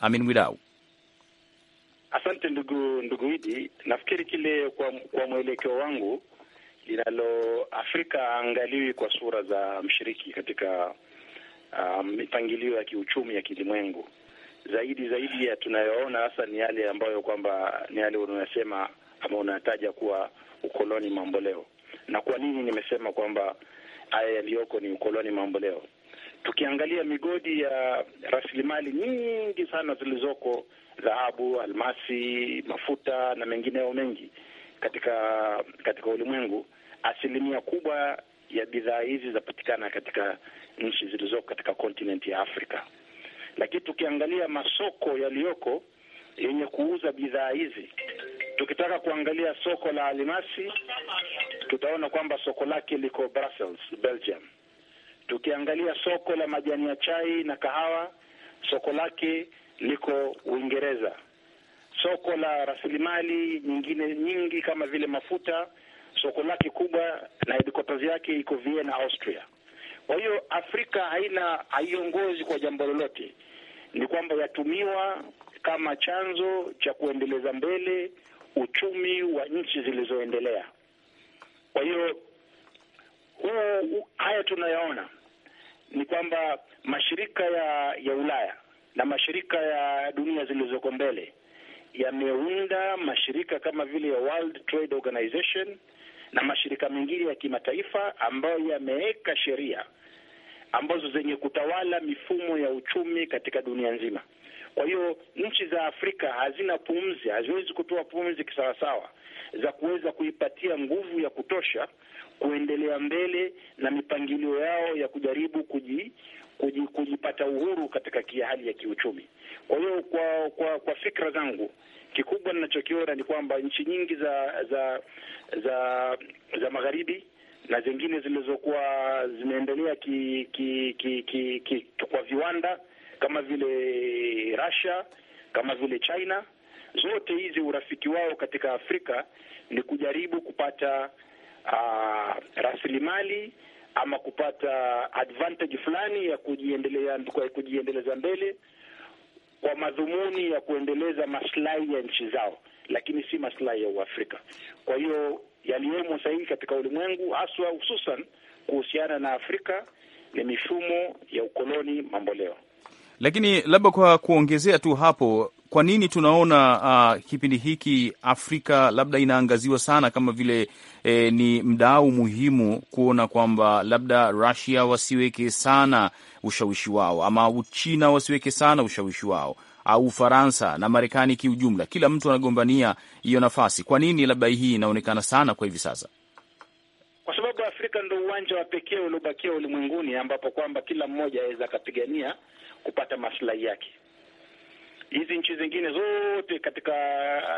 Amin Mwidau. Asante ndugu ndugu Idi, nafikiri kile kwa, kwa mwelekeo wangu linalo Afrika aangaliwi kwa sura za mshiriki katika um, mipangilio um, ya kiuchumi ya kilimwengu. Zaidi zaidi ya tunayoona hasa ni yale ambayo kwamba ni yale unayosema ama unataja kuwa ukoloni mamboleo. Na kwa nini nimesema kwamba haya yaliyoko ni ukoloni mamboleo? Tukiangalia migodi ya rasilimali nyingi sana zilizoko, dhahabu, almasi, mafuta na mengineo mengi katika katika ulimwengu, asilimia kubwa ya bidhaa hizi zinapatikana katika nchi zilizoko katika kontinenti ya Afrika, lakini tukiangalia masoko yaliyoko yenye kuuza bidhaa hizi, tukitaka kuangalia soko la alimasi, tutaona kwamba soko lake liko Brussels, Belgium. Tukiangalia soko la majani ya chai na kahawa, soko lake liko Uingereza. Soko la rasilimali nyingine nyingi kama vile mafuta soko lake kubwa na headquarters yake iko Vienna, Austria. Kwa hiyo Afrika haina haiongozi kwa jambo lolote, ni kwamba yatumiwa kama chanzo cha kuendeleza mbele uchumi wa nchi zilizoendelea. Kwa hiyo huu haya tunayaona ni kwamba mashirika ya ya Ulaya na mashirika ya dunia zilizoko mbele yameunda mashirika kama vile World Trade Organization na mashirika mengine ya kimataifa ambayo yameweka sheria ambazo zenye kutawala mifumo ya uchumi katika dunia nzima. Kwa hiyo nchi za Afrika hazina pumzi, haziwezi kutoa pumzi kisawasawa za kuweza kuipatia nguvu ya kutosha kuendelea mbele na mipangilio yao ya kujaribu kuji kujipata uhuru katika kia hali ya kiuchumi. Kwa hiyo kwa kwa, kwa fikra zangu kikubwa ninachokiona ni kwamba nchi nyingi za za za za magharibi na zingine zilizokuwa zimeendelea ki, ki, ki, ki, ki, kwa viwanda kama vile Russia kama vile China, zote hizi urafiki wao katika Afrika ni kujaribu kupata uh, rasilimali ama kupata advantage fulani ya kujiendelea, kujiendeleza mbele kwa madhumuni ya kuendeleza maslahi ya nchi zao, lakini si maslahi ya Uafrika. Kwa hiyo yaliyomo sahihi katika ulimwengu haswa, hususan kuhusiana na Afrika ni mifumo ya ukoloni mamboleo. Lakini labda kwa kuongezea tu hapo, kwa nini tunaona uh, kipindi hiki Afrika labda inaangaziwa sana kama vile eh, ni mdau muhimu kuona kwamba labda Russia wasiweke sana ushawishi wao ama Uchina wasiweke sana ushawishi wao au Ufaransa na Marekani kiujumla, kila mtu anagombania hiyo nafasi. Kwa nini labda hii inaonekana sana kwa hivi sasa? Kwa sababu Afrika ndo uwanja wa pekee uliobakia ulimwenguni ambapo kwamba kila mmoja aweza akapigania kupata maslahi yake hizi nchi zingine zote katika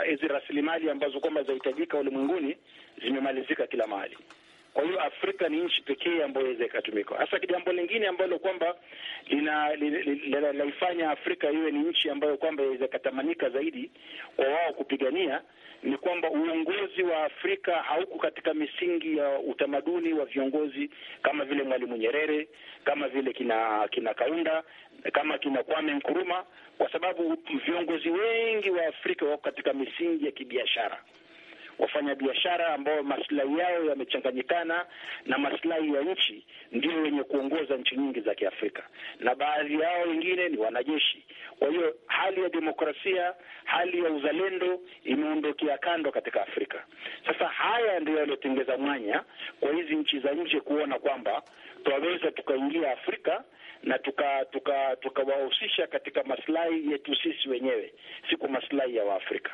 eh, hizi rasilimali ambazo kwamba zinahitajika ulimwenguni zimemalizika kila mahali. Kwa hiyo Afrika ni nchi pekee ambayo inaweza ikatumika. Hasa jambo lingine ambalo kwamba linaifanya Afrika iwe ni nchi ambayo kwamba inaweza ikatamanika zaidi kwa wao kupigania ni kwamba uongozi wa Afrika hauko katika misingi ya utamaduni wa viongozi kama vile Mwalimu Nyerere, kama vile kina kina Kaunda, kama kina Kwame Nkrumah, kwa sababu viongozi wengi wa Afrika wako katika misingi ya kibiashara wafanyabiashara ambao maslahi yao yamechanganyikana na maslahi ya nchi ndio wenye kuongoza nchi nyingi za Kiafrika, na baadhi yao wengine ni wanajeshi. Kwa hiyo hali ya demokrasia, hali ya uzalendo imeondokea kando katika Afrika. Sasa haya ndio yaliyotengeza mwanya kwa hizi nchi za nje kuona kwamba twaweza tukaingia Afrika na tukawahusisha tuka, tuka katika maslahi yetu sisi wenyewe, si kwa maslahi ya Waafrika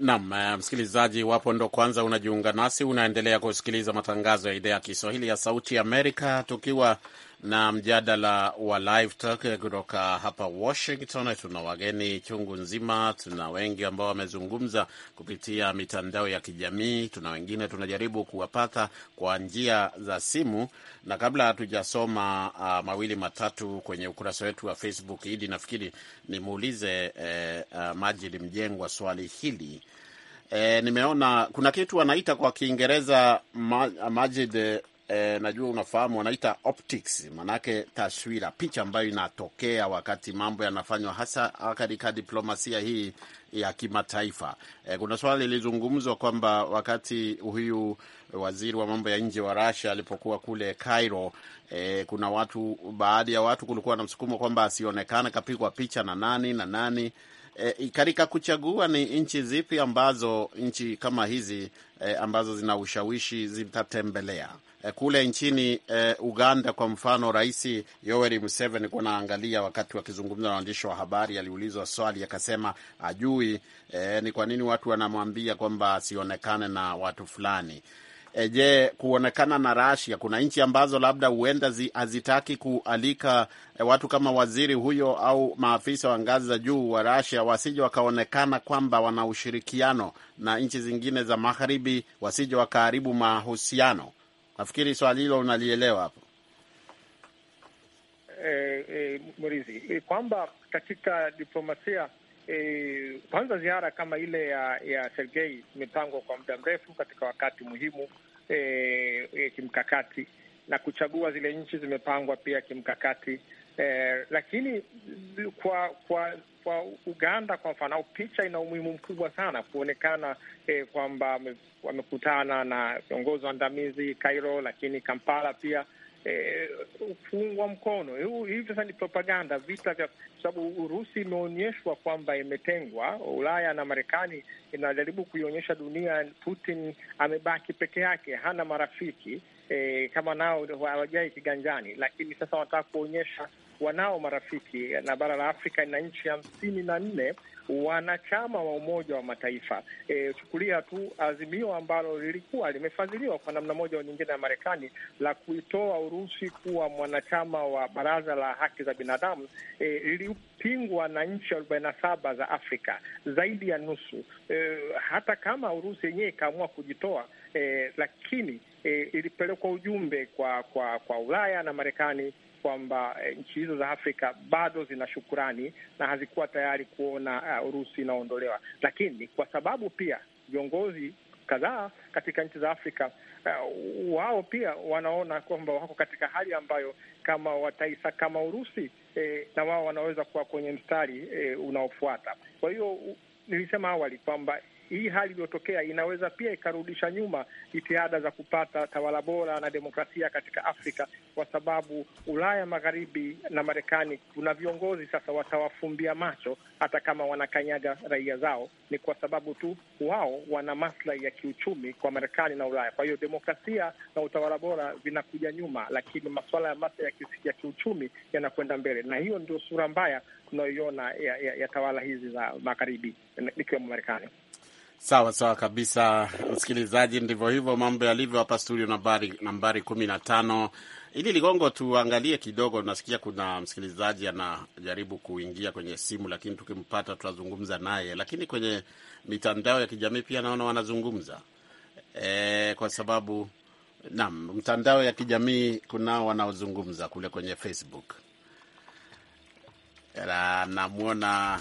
nam eh, msikilizaji, iwapo ndo kwanza unajiunga nasi, unaendelea kusikiliza matangazo ya idhaa ya Kiswahili ya Sauti Amerika, tukiwa na mjadala wa Live Talk kutoka hapa Washington. Tuna wageni chungu nzima, tuna wengi ambao wamezungumza kupitia mitandao ya kijamii, tuna wengine tunajaribu kuwapata kwa njia za simu. Na kabla hatujasoma uh, mawili matatu kwenye ukurasa wetu wa Facebook, Idi, nafikiri nimuulize eh, uh, Majid Mjengwa swali hili E, nimeona kuna kitu wanaita kwa Kiingereza Majid, e, najua unafahamu, wanaita optics, manake taswira, picha ambayo inatokea wakati mambo yanafanywa, hasa katika diplomasia hii ya kimataifa. E, kuna swali lilizungumzwa kwamba wakati huyu waziri wa mambo ya nje wa Russia alipokuwa kule Cairo, e, kuna watu, baadhi ya watu kulikuwa na msukumo kwamba asionekane, kapigwa picha na nani na nani E, katika kuchagua ni nchi zipi ambazo nchi kama hizi e, ambazo zina ushawishi zitatembelea e, kule nchini e, Uganda kwa mfano, Rais Yoweri Museveni kuwa naangalia, wakati wakizungumza na waandishi wa habari, aliulizwa swali akasema ajui e, ni kwa nini watu wanamwambia kwamba asionekane na watu fulani. Eh, je, kuonekana na Rasia, kuna nchi ambazo labda huenda hazitaki kualika eh, watu kama waziri huyo au maafisa wa ngazi za juu wa Rasia wasije wakaonekana kwamba wana ushirikiano na nchi zingine za magharibi, wasije wakaharibu mahusiano? Nafikiri swali hilo unalielewa hapo. E, e, Murithi, kwamba katika diplomasia e, kwanza ziara kama ile ya ya Sergei imepangwa kwa muda mrefu katika wakati muhimu e, e, kimkakati na kuchagua zile nchi zimepangwa pia kimkakati e, lakini kwa kwa kwa Uganda kwa mfano au picha ina umuhimu mkubwa sana kuonekana eh, kwamba wamekutana na viongozi waandamizi Cairo, lakini Kampala pia kufungwa e, mkono huu. Hivi sasa ni propaganda, vita vya sababu Urusi imeonyeshwa kwamba imetengwa Ulaya na Marekani inajaribu kuionyesha dunia Putin amebaki peke yake, hana marafiki e, kama nao hawajai kiganjani, lakini sasa wanataka kuonyesha wanao marafiki na bara la Afrika ina nchi hamsini na nne wanachama wa Umoja wa Mataifa. E, chukulia tu azimio ambalo lilikuwa limefadhiliwa kwa namna moja au nyingine ya Marekani la kuitoa Urusi kuwa mwanachama wa Baraza la Haki za Binadamu e, lilipingwa na nchi arobaini na saba za Afrika, zaidi ya nusu. E, hata kama Urusi yenyewe ikaamua kujitoa e, lakini e, ilipelekwa ujumbe kwa kwa kwa Ulaya na Marekani kwamba e, nchi hizo za Afrika bado zina shukurani na hazikuwa tayari kuona uh, Urusi inaondolewa, lakini kwa sababu pia viongozi kadhaa katika nchi za Afrika uh, wao pia wanaona kwamba wako katika hali ambayo kama wataisa kama Urusi eh, na wao wanaweza kuwa kwenye mstari eh, unaofuata. Kwa hiyo nilisema awali kwamba hii hali iliyotokea inaweza pia ikarudisha nyuma jitihada za kupata tawala bora na demokrasia katika Afrika, kwa sababu Ulaya Magharibi na Marekani kuna viongozi sasa watawafumbia macho, hata kama wanakanyaga raia zao, ni kwa sababu tu wao wana maslahi ya kiuchumi kwa Marekani na Ulaya. Kwa hiyo demokrasia na utawala bora vinakuja nyuma, lakini masuala ya maslahi ya kiuchumi yanakwenda mbele, na hiyo ndio sura mbaya tunayoiona ya, ya, ya tawala hizi za Magharibi ikiwemo Marekani. Sawa sawa kabisa, msikilizaji, ndivyo hivyo mambo yalivyo hapa studio nambari nambari kumi na tano. Ili Ligongo, tuangalie kidogo. Nasikia kuna msikilizaji anajaribu kuingia kwenye simu, lakini tukimpata tutazungumza naye, lakini kwenye mitandao ya kijamii pia naona wanazungumza e, kwa sababu naam, mtandao ya kijamii kunao wanaozungumza kule kwenye Facebook. Namwona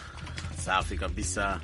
safi kabisa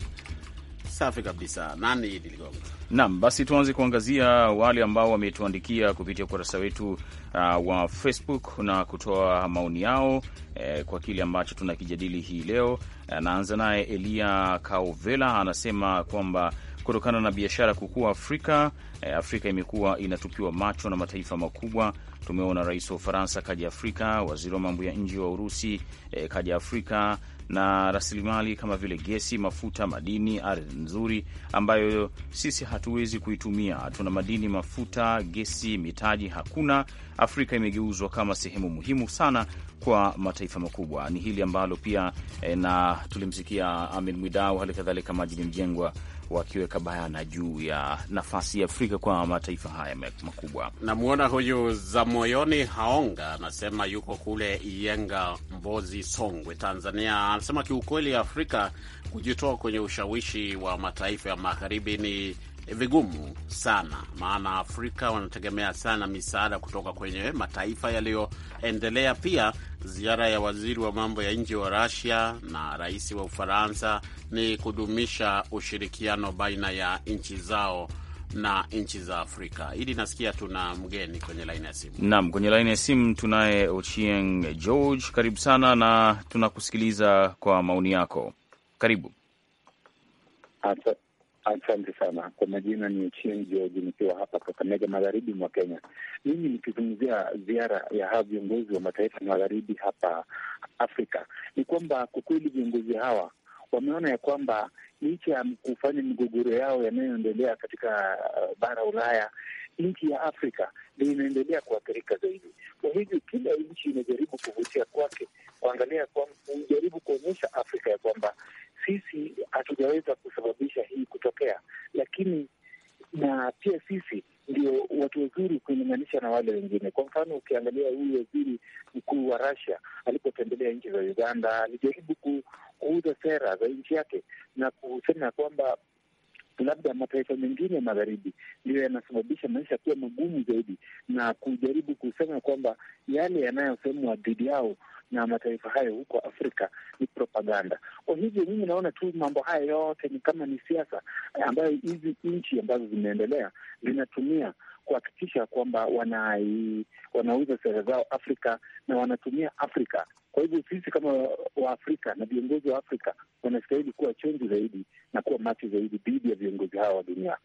Safi kabisa. Nani hili ligongo? Naam, basi tuanze kuangazia wale ambao wametuandikia kupitia ukurasa wetu uh, wa Facebook na kutoa maoni yao eh, kwa kile ambacho tunakijadili hii leo. Anaanza naye Elia Kaovela, anasema kwamba kutokana na biashara kukua Afrika, eh, Afrika imekuwa inatupiwa macho na mataifa makubwa. Tumeona rais wa Ufaransa kaja Afrika, waziri wa mambo ya nje wa Urusi eh, kaja Afrika na rasilimali kama vile gesi, mafuta, madini, ardhi nzuri ambayo sisi hatuwezi kuitumia. Tuna madini, mafuta, gesi, mitaji hakuna. Afrika imegeuzwa kama sehemu muhimu sana kwa mataifa makubwa. Ni hili ambalo pia e, na tulimsikia Amin Mwidau hali kadhalika Majini Mjengwa wakiweka bayana juu ya nafasi ya Afrika kwa mataifa haya makubwa. Namwona huyu Zamoyoni Haonga anasema yuko kule Iyenga, Mbozi, Songwe, Tanzania. Anasema kiukweli, Afrika kujitoa kwenye ushawishi wa mataifa ya magharibi ni E, vigumu sana, maana Afrika wanategemea sana misaada kutoka kwenye mataifa yaliyoendelea. Pia ziara ya waziri wa mambo ya nje wa rasia na rais wa Ufaransa ni kudumisha ushirikiano baina ya nchi zao na nchi za Afrika. Ili nasikia tuna mgeni kwenye laini ya simu. Naam, kwenye laini ya simu tunaye Ochieng George, karibu sana na tunakusikiliza kwa maoni yako. Karibu. Asante. Asante sana kwa majina, ni Ochieng George nikiwa hapa Kakamega, magharibi mwa Kenya. Mimi nikizungumzia ziara ya hawa viongozi wa mataifa magharibi hapa Afrika, ni kwamba kwa kweli viongozi hawa wameona ya kwamba licha ya kufanya migogoro yao yanayoendelea katika uh, bara Ulaya, nchi ya Afrika ndio inaendelea kuathirika zaidi. Kwa hivyo kila nchi inajaribu kuvutia kwake kuangalia kujaribu kuonyesha Afrika ya kwamba sisi hatujaweza kusababisha hii kutokea, lakini na pia sisi ndio watu wazuri kulinganisha na wale wengine. Kwa mfano, ukiangalia huyu waziri mkuu wa Russia alipotembelea nchi za Uganda, alijaribu kuuza sera za nchi yake na kusema kwamba labda mataifa mengine ya magharibi ndiyo yanasababisha maisha kuwa magumu zaidi, na kujaribu kusema kwamba yale yanayosemwa dhidi yao na mataifa hayo huko Afrika ni propaganda. Kwa hivyo mimi naona tu mambo haya yote ni kama ni siasa ambayo hizi nchi ambazo zimeendelea zinatumia kuhakikisha kwamba wanauza sera zao Afrika na wanatumia Afrika. Kwa hivyo sisi kama Waafrika na viongozi wa Afrika wanastahili kuwa chonji zaidi na kuwa macho zaidi dhidi ya viongozi hawa wa dunia.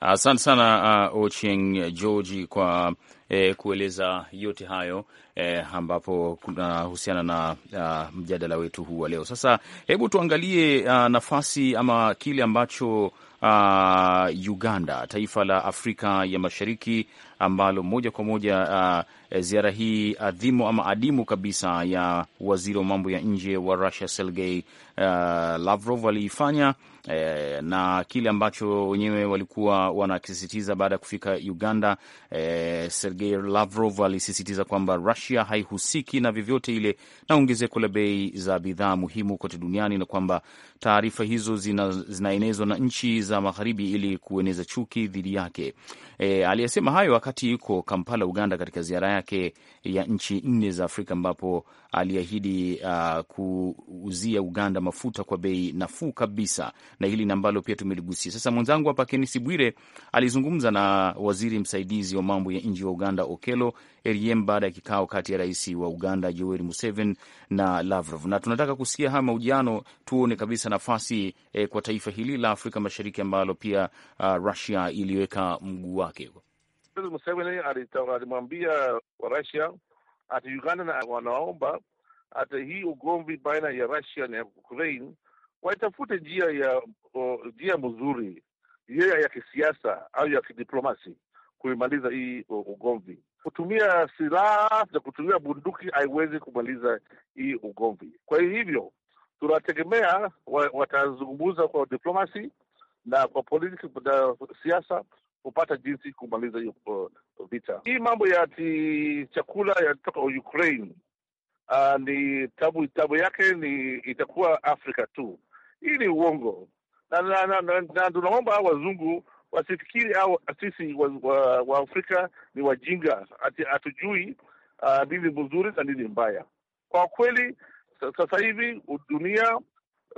Asante sana uh, Ochieng George kwa e, kueleza yote hayo e, ambapo kunahusiana na a, mjadala wetu huu wa leo. Sasa hebu tuangalie a, nafasi ama kile ambacho a, Uganda, taifa la Afrika ya Mashariki ambalo moja kwa moja uh, ziara hii adhimu ama adimu kabisa ya waziri wa mambo ya nje wa Russia sergey uh, Lavrov aliifanya eh, na kile ambacho wenyewe walikuwa wanakisisitiza baada ya kufika Uganda eh, Sergei Lavrov alisisitiza kwamba Rusia haihusiki na vyovyote ile na ongezeko la bei za bidhaa muhimu kote duniani na kwamba taarifa hizo zina, zinaenezwa na nchi za magharibi ili kueneza chuki dhidi yake. E, aliyesema hayo wakati yuko Kampala, Uganda, katika ziara yake ya nchi nne za Afrika ambapo aliahidi uh, kuuzia Uganda mafuta kwa bei nafuu kabisa, na hili na ambalo pia tumeligusia sasa. Mwenzangu hapa Kenisi Bwire alizungumza na waziri msaidizi wa mambo ya nje wa Uganda Uganda Okello Eriem baada ya kikao kati ya rais wa Uganda Yoweri Museveni na Lavrov. Na tunataka kusikia haya mahojiano, tuone kabisa nafasi eh, kwa taifa hili la Afrika Mashariki ambalo pia uh, Russia iliweka mguu wake. Museveni alimwambia Russia ati Uganda na wanaomba hata hii ugomvi baina ya Russia na Ukraine waitafute njia ya o, njia mzuri, yeye ya kisiasa au ya kidiplomasi kuimaliza hii uh, ugomvi. Kutumia silaha na kutumia bunduki haiwezi kumaliza hii ugomvi. Kwa hivyo tunategemea watazungumza kwa diplomasi na kwa politiki na siasa kupata jinsi kumaliza hiyo uh, vita. Hii mambo ya ti chakula yatoka Ukraine, uh, ni tabu tabu yake ni itakuwa Afrika tu. Hii ni uongo na, na, na, na, na tunaomba wazungu wasifikiri au sisi wa, wa, wa Afrika ni wajinga hatujui uh, ah, nini mzuri na nini mbaya. Kwa kweli sasa hivi dunia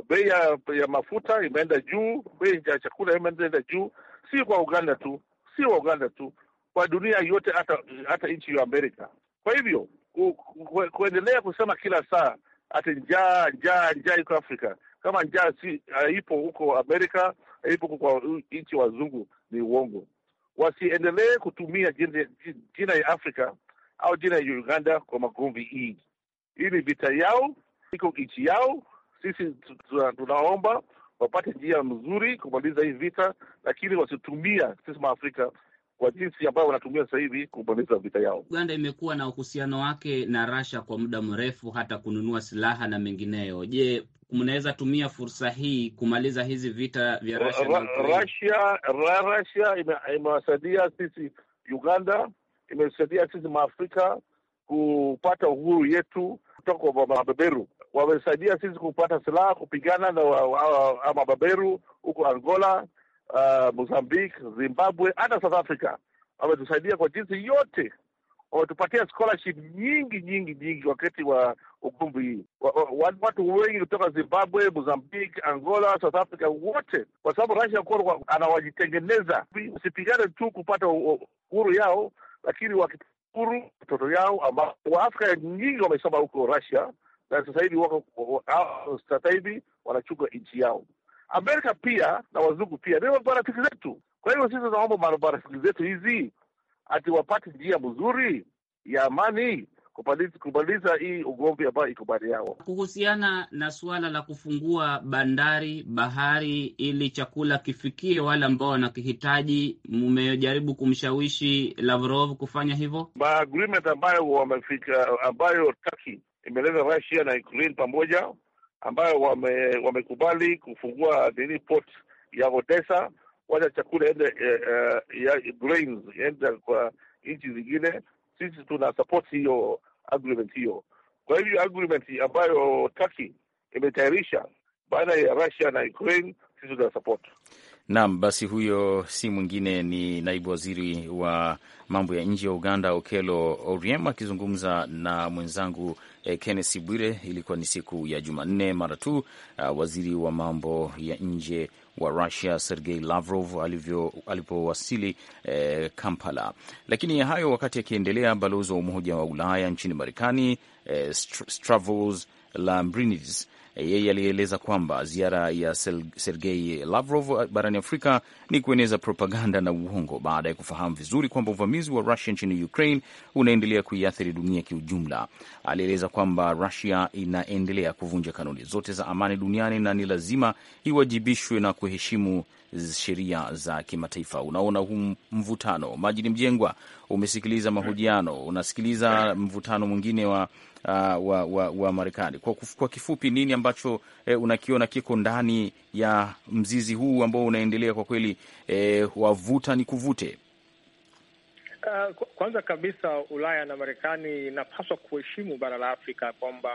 bei ya, ya mafuta imeenda juu, bei ya chakula imeenda juu, si kwa Uganda tu, si wa Uganda tu, kwa dunia yote, hata hata nchi ya Amerika. Kwa hivyo ku, ku, kuendelea kusema kila saa ati njaa njaa njaa iko Afrika kama njaa si, uh, ipo huko Amerika Eh, ipo kwa nchi wazungu ni uongo. Wasiendelee kutumia jina, jina ya Afrika au jina ya Uganda kwa magomvi hii. Hii ni vita yao, iko nchi yao. Sisi tunaomba wapate njia mzuri kumaliza hii vita, lakini wasitumia sisi Maafrika kwa jinsi ambayo wanatumia sasa hivi kumaliza vita yao. Uganda imekuwa na uhusiano wake na rasha kwa muda mrefu, hata kununua silaha na mengineyo. Je, mnaweza tumia fursa hii kumaliza hizi vita vya Russia. Russia imewasaidia sisi Uganda, imesaidia sisi Maafrika kupata uhuru yetu kutoka kwa mabeberu. Wamesaidia sisi kupata silaha kupigana na mababeru huko Angola, uh, Mozambique, Zimbabwe, hata South Africa. Wametusaidia kwa jinsi yote wametupatia scholarship nyingi nyingi nyingi wakati wa ukumbi hii wa, wa, watu wengi kutoka Zimbabwe, Mozambique, Angola, South Africa wote, kwa sababu Russia kuwa anawajitengeneza wasipigane tu kupata uhuru yao, lakini wakihuru watoto yao ambao Waafrika nyingi wamesoma huko Russia na sasa hivi wako sasa hivi wanachukua nchi yao. Amerika pia na wazungu pia ni marafiki zetu. Kwa hivyo sisi tunaomba marafiki zetu hizi ati wapate njia mzuri ya amani kumaliza hii ugomvi ambayo iko baina yao. Kuhusiana na suala la kufungua bandari bahari, ili chakula kifikie wale ambao wanakihitaji, mmejaribu kumshawishi Lavrov kufanya hivyo? Maagreement ambayo wamefika, ambayo Turkey imeleta Russia na Ukraine pamoja, ambayo wame, wamekubali kufungua nini port ya Odessa wala chakula ende eh, eh, ya grains enda kwa nchi zingine. Sisi tuna support hiyo agreement hiyo. Kwa hivyo agreement ambayo Turkey imetayarisha baada ya Russia na Ukraine sisi tuna support. Naam, basi huyo si mwingine ni naibu waziri wa mambo ya nje ya Uganda Okello Oryem akizungumza na mwenzangu eh, Kenneth Bwire. Ilikuwa ni siku ya Jumanne mara tu uh, waziri wa mambo ya nje wa Russia Sergei Lavrov alivyo, alipowasili eh, Kampala. Lakini hayo wakati akiendelea, balozi wa Umoja wa Ulaya nchini Marekani eh, Stravos Lambrinis yeye alieleza kwamba ziara ya Sergei Lavrov barani Afrika ni kueneza propaganda na uongo baada ya kufahamu vizuri kwamba uvamizi wa Rusia nchini Ukraine unaendelea kuiathiri dunia kiujumla. Alieleza kwamba Rusia inaendelea kuvunja kanuni zote za amani duniani na ni lazima iwajibishwe na kuheshimu sheria za kimataifa. Unaona huu mvutano. Majini Mjengwa, umesikiliza mahojiano, unasikiliza mvutano mwingine wa, uh, wa, wa, wa Marekani. Kwa, kwa kifupi, nini ambacho eh, unakiona kiko ndani ya mzizi huu ambao unaendelea kwa kweli eh, wavuta ni kuvute? Uh, kwanza kabisa Ulaya na Marekani inapaswa kuheshimu bara la Afrika kwamba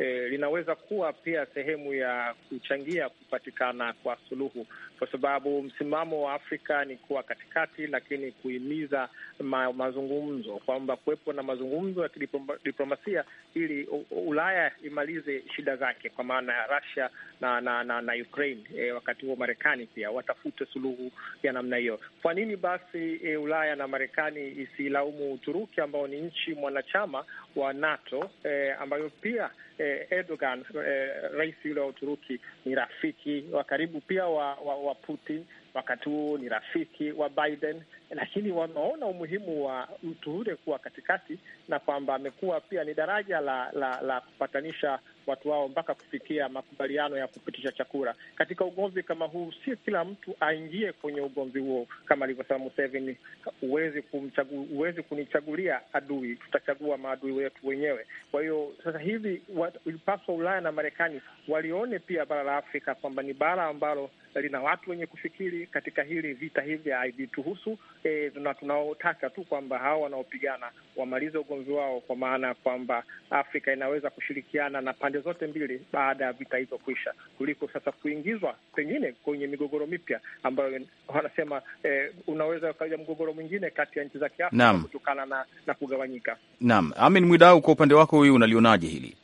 e, linaweza kuwa pia sehemu ya kuchangia kupatikana kwa suluhu, kwa sababu msimamo wa Afrika ni kuwa katikati, lakini kuhimiza ma, mazungumzo kwamba kuwepo na mazungumzo ya kidiplomasia ili Ulaya imalize shida zake, kwa maana ya Russia na na, na, na Ukraine. E, wakati huo Marekani pia watafute suluhu ya namna hiyo. Kwa nini basi e, Ulaya na Marekani isilaumu Uturuki ambao ni nchi mwanachama wa NATO eh, ambayo pia eh, Erdogan eh, rais yule wa Uturuki ni rafiki wa karibu pia wa, wa, wa Putin wakati huo ni rafiki wa Biden, lakini wameona umuhimu wa mtu ule kuwa katikati na kwamba amekuwa pia ni daraja la, la, la kupatanisha watu wao mpaka kufikia makubaliano ya kupitisha chakula. Katika ugomvi kama huu, si kila mtu aingie kwenye ugomvi huo. Kama alivyosema Museveni, huwezi kumchagu, huwezi kunichagulia adui, tutachagua maadui wetu wenyewe. Kwa hiyo sasa hivi ilipaswa Ulaya na Marekani walione pia bara la Afrika kwamba ni bara ambalo lina watu wenye kufikiri katika hili. Vita hivi haivituhusu e, na tunaotaka tu kwamba hawa wanaopigana wamalize ugomvi wao, kwa maana ya kwamba Afrika inaweza kushirikiana na pande pande zote mbili baada ya vita hivyo kuisha, kuliko sasa kuingizwa pengine kwenye migogoro mipya ambayo wanasema eh, unaweza ukaja mgogoro mwingine kati ya nchi za Kiafrika kutokana na, na kugawanyika. Naam, Amin Mwidau, kwa upande wako huyu unalionaje hili?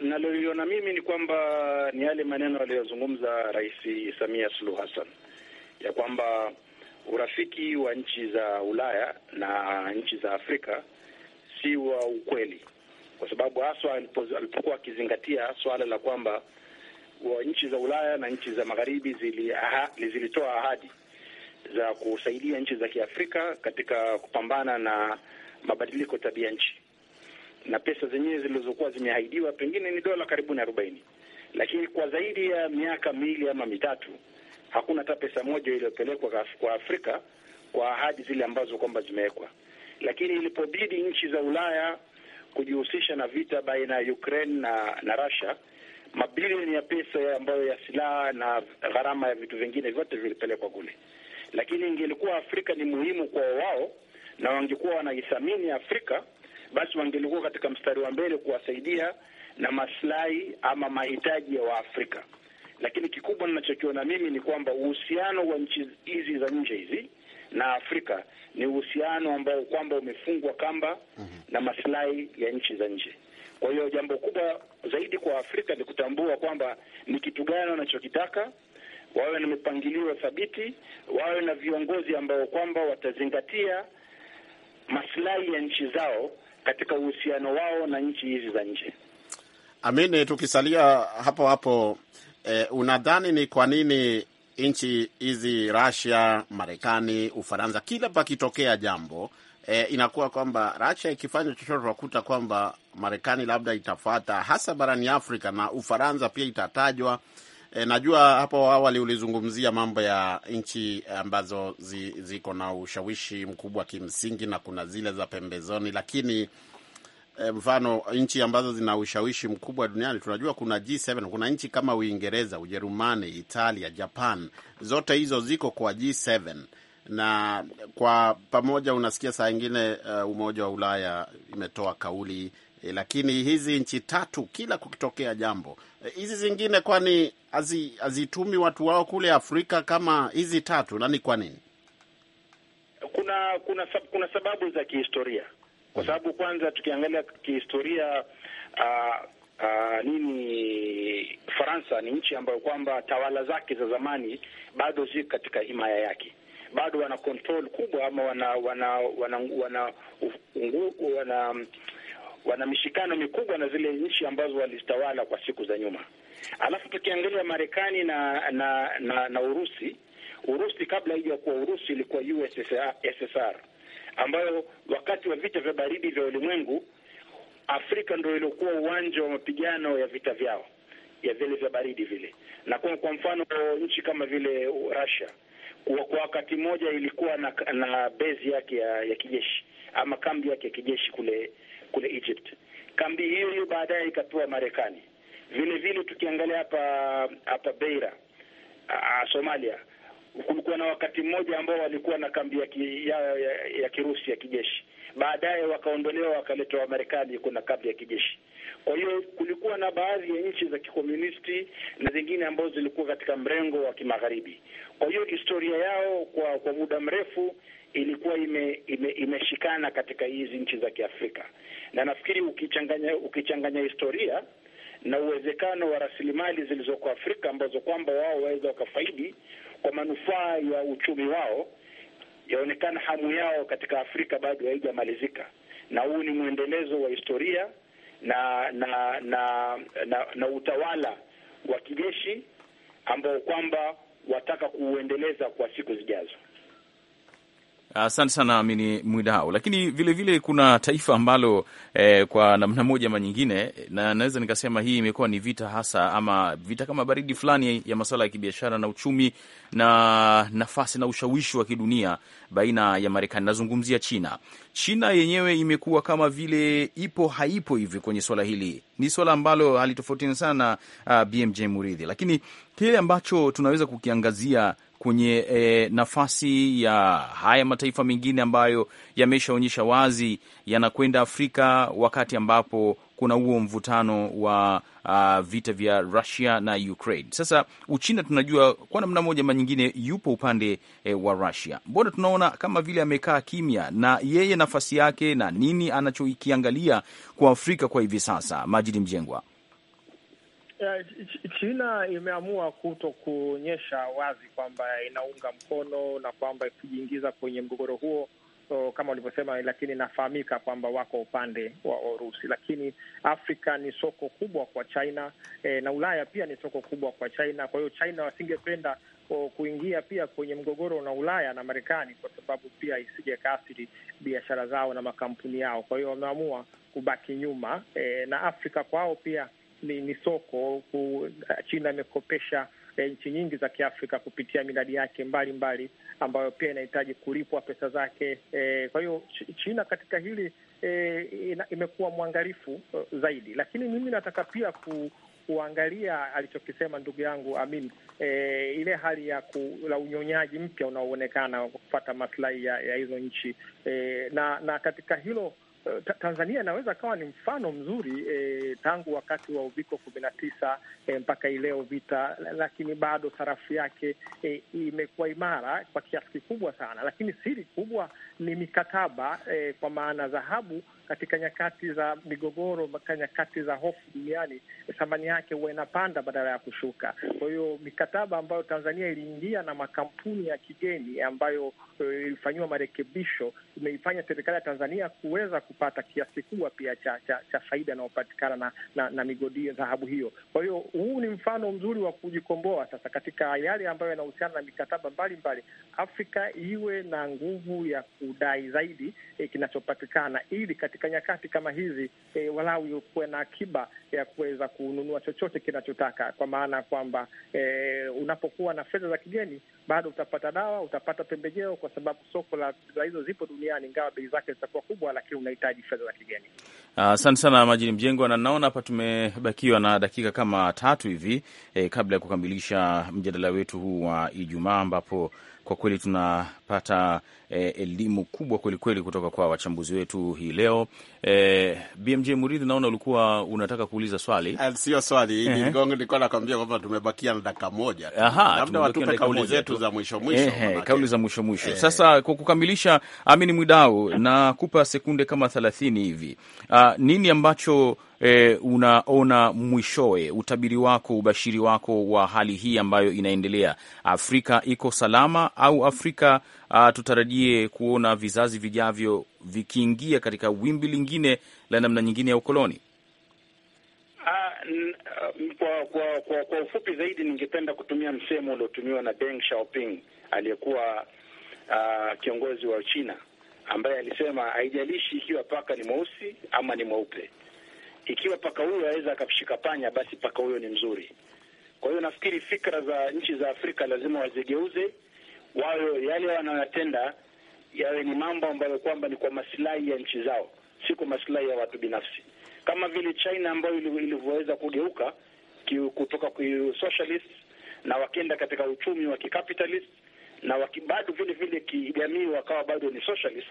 Naloliona mimi ni kwamba ni yale maneno aliyozungumza Rais Samia Suluhu Hassan ya kwamba urafiki wa nchi za Ulaya na nchi za Afrika si wa ukweli, kwa sababu haswa alipokuwa akizingatia swala la kwamba nchi za Ulaya na nchi za magharibi zili aha, zilitoa ahadi za kusaidia nchi za Kiafrika katika kupambana na mabadiliko tabia nchi, na pesa zenyewe zilizokuwa zimeahidiwa pengine ni dola karibu na arobaini, lakini kwa zaidi ya miaka miwili ama mitatu hakuna hata pesa moja iliyopelekwa kwa Afrika kwa ahadi zile ambazo kwamba zimewekwa. Lakini ilipobidi nchi za Ulaya kujihusisha na vita baina ya Ukraine na, na Russia. Mabilioni ya pesa ambayo ya silaha na gharama ya vitu vingine vyote vilipelekwa kule, lakini ingelikuwa Afrika ni muhimu kwao wao na wangekuwa wanaithamini Afrika, basi wangelikuwa katika mstari wa mbele kuwasaidia na maslahi ama mahitaji ya Waafrika. Lakini kikubwa ninachokiona mimi ni kwamba uhusiano wa nchi hizi za nje hizi na Afrika ni uhusiano ambao kwamba umefungwa kamba mhm. na masilahi ya nchi za nje. Kwa hiyo jambo kubwa zaidi kwa Afrika ni kutambua kwamba ni kitu gani wanachokitaka, wawe na mipangilio thabiti, wawe na viongozi ambao kwamba watazingatia masilahi ya nchi zao katika uhusiano wao na nchi hizi za nje. Amini, tukisalia hapo hapo, eh, unadhani ni kwa nini nchi hizi Russia, Marekani, Ufaransa, kila pakitokea jambo e, inakuwa kwamba Russia ikifanya chochote wakuta kwamba Marekani labda itafata, hasa barani Afrika na Ufaransa pia itatajwa. E, najua hapo awali ulizungumzia mambo ya nchi ambazo zi, ziko na ushawishi mkubwa kimsingi na kuna zile za pembezoni, lakini e, mfano nchi ambazo zina ushawishi mkubwa duniani, tunajua kuna G7, kuna nchi kama Uingereza, Ujerumani, Italia, Japan, zote hizo ziko kwa G7 na kwa pamoja unasikia saa ingine uh, Umoja wa Ulaya imetoa kauli e, lakini hizi nchi tatu kila kukitokea jambo hizi zingine kwani hazitumi watu wao kule Afrika kama hizi tatu, na ni kwa nini? Kuna kuna, kuna sababu za kihistoria kwa sababu kwanza tukiangalia kihistoria uh, Uh, nini Faransa ni nchi ambayo kwamba tawala zake za zamani bado ziko katika himaya yake, bado wana control kubwa ama wana wana wana wana, wana, wana mishikano mikubwa na zile nchi ambazo walizitawala kwa siku za nyuma. Alafu tukiangalia Marekani na na, na na Urusi, Urusi kabla hija kuwa Urusi ilikuwa USSR ambayo wakati wa vita vya baridi vya ulimwengu Afrika ndio iliokuwa uwanja wa mapigano ya vita vyao ya vile vya baridi vile, na kwa kwa mfano nchi kama vile Russia kwa, kwa wakati mmoja ilikuwa na, na bezi yake ya, ya kijeshi ama kambi yake ya kijeshi kule kule Egypt. Kambi hiyo hiyo baadaye ikapewa Marekani. Vile vile tukiangalia hapa hapa Beira a, a, Somalia kulikuwa na wakati mmoja ambao walikuwa na kambi ya, ki, ya, ya, ya Kirusi ya kijeshi, baadaye wakaondolewa wakaletwa Wamarekani kuna kambi ya kijeshi. Kwa hiyo kulikuwa na baadhi ya nchi za kikomunisti na zingine ambazo zilikuwa katika mrengo wa kimagharibi. Kwa hiyo historia yao kwa kwa muda mrefu ilikuwa ime, ime, imeshikana katika hizi nchi za Kiafrika, na nafikiri ukichanganya ukichanganya historia na uwezekano wa rasilimali zilizoko Afrika ambazo kwamba wao waweza wakafaidi kwa manufaa ya uchumi wao, yaonekana hamu yao katika Afrika bado haijamalizika, na huu ni mwendelezo wa historia na na na, na, na, na utawala wa kijeshi ambao kwamba wataka kuuendeleza kwa siku zijazo. Asante sana Amini Mwidau. Lakini vilevile vile kuna taifa ambalo eh, kwa namna moja ama nyingine, na naweza nikasema hii imekuwa ni vita hasa, ama vita kama baridi fulani ya masuala ya kibiashara na uchumi na nafasi na ushawishi wa kidunia baina ya Marekani. Nazungumzia China. China yenyewe imekuwa kama vile ipo haipo hivi kwenye swala hili. Ni swala ambalo halitofautiana sana na uh, BMJ Muridhi, lakini kile ambacho tunaweza kukiangazia kwenye e, nafasi ya haya mataifa mengine ambayo yameshaonyesha wazi yanakwenda Afrika wakati ambapo kuna huo mvutano wa uh, vita vya Russia na Ukraine. Sasa Uchina tunajua kwa namna moja ama nyingine yupo upande e, wa Russia. Mbona tunaona kama vile amekaa kimya, na yeye nafasi yake na nini anachokiangalia kwa Afrika kwa hivi sasa? Majidi Mjengwa. Eh, China imeamua kuto kuonyesha wazi kwamba inaunga mkono na kwamba kujiingiza kwenye mgogoro huo So, kama ulivyosema, lakini inafahamika kwamba wako upande wa Urusi, lakini Afrika ni soko kubwa kwa China e, na Ulaya pia ni soko kubwa kwa China. Kwa hiyo China wasingependa kuingia pia kwenye mgogoro na Ulaya na Marekani kwa sababu pia isije kaathiri biashara zao na makampuni yao. Kwa hiyo wameamua kubaki nyuma e, na Afrika kwao pia ni, ni soko ku, eh, China imekopesha e, nchi nyingi za Kiafrika kupitia miradi yake mbalimbali mbali, ambayo pia inahitaji kulipwa pesa zake e, kwa hiyo China katika hili e, imekuwa mwangalifu zaidi, lakini mimi nataka pia ku kuangalia alichokisema ndugu yangu Amin e, ile hali ya ku, la unyonyaji mpya unaoonekana kupata maslahi ya, ya hizo nchi e, na na katika hilo Eh, Tanzania inaweza kawa ni mfano mzuri e, tangu wakati wa uviko kumi na tisa e, mpaka ileo vita, lakini bado sarafu yake e, imekuwa imara kwa kiasi kikubwa sana, lakini siri kubwa ni mikataba e, kwa maana dhahabu katika nyakati za migogoro, katika nyakati za hofu duniani, thamani yake huwa inapanda badala ya kushuka. Kwa hiyo mikataba ambayo Tanzania iliingia na makampuni ya kigeni ambayo eh, ilifanyiwa marekebisho imeifanya serikali ya Tanzania kuweza kupata kiasi kubwa pia cha, cha, cha faida inayopatikana na, na, na migodi dhahabu hiyo. Kwa hiyo huu ni mfano mzuri wa kujikomboa sasa katika yale ambayo yanahusiana na mikataba mbalimbali mbali. Afrika iwe na nguvu ya kudai zaidi eh, kinachopatikana ili katika katika nyakati kama hizi e, eh, walau kuwe na akiba ya kuweza kununua chochote kinachotaka, kwa maana ya kwamba e, unapokuwa na fedha za kigeni bado utapata dawa, utapata pembejeo, kwa sababu soko la bidhaa hizo zipo duniani, ingawa bei zake zitakuwa kubwa, lakini unahitaji fedha za kigeni. Asante uh, sana Majini Mjengwa, na naona hapa tumebakiwa na dakika kama tatu hivi eh, kabla ya kukamilisha mjadala wetu huu wa Ijumaa ambapo kwa kweli tuna tumepata e, elimu kubwa kwelikweli kutoka kwa wachambuzi wetu hii leo. E, eh, BMJ Muridhi, naona ulikuwa unataka kuuliza swali. Eh, sio swali, nilikuwa nakwambia kwamba tumebakia na dakika moja, labda watupe kauli zetu za mwisho mwisho, kauli za mwisho mwisho. Sasa kwa kukamilisha, Amini Mwidau, nakupa sekunde kama thelathini hivi. Uh, nini ambacho E, unaona mwishowe utabiri wako ubashiri wako wa hali hii ambayo inaendelea, Afrika iko salama au Afrika uh, tutarajie kuona vizazi vijavyo vikiingia katika wimbi lingine la namna nyingine ya ukoloni? Ah, ah, kwa, kwa, kwa, kwa ufupi zaidi ningependa kutumia msemo uliotumiwa na Deng Xiaoping aliyekuwa uh, kiongozi wa China ambaye alisema haijalishi ikiwa paka ni mweusi ama ni mweupe, ikiwa paka huyo aweza akamshika panya, basi paka huyo ni mzuri. Kwa hiyo nafikiri fikra za nchi za Afrika lazima wazigeuze wawe yale wanayotenda yawe ni mambo ambayo kwamba ni kwa masilahi ya nchi zao, si kwa masilahi ya watu binafsi, kama vile China ambayo ilivyoweza kugeuka kutoka kwa socialist na wakenda katika uchumi wa kikapitalist na wakibado vile vile kijamii wakawa bado ni socialist,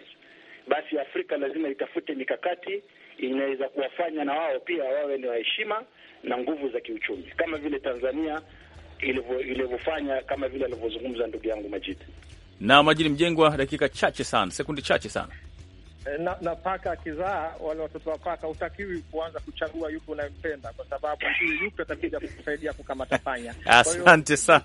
basi Afrika lazima itafute mikakati inaweza kuwafanya na wao pia wawe ni waheshima na nguvu za kiuchumi, kama vile Tanzania ilivyofanya kama vile alivyozungumza ndugu yangu majidi Na Majidi Mjengwa, dakika chache sana, sekunde chache sana Eh, na, na paka akizaa wale watoto wa paka hutakiwi kuanza kuchagua yupi unayempenda, kwa sababu huyu yupi atakuja kukusaidia kukamata panya. Asante sana,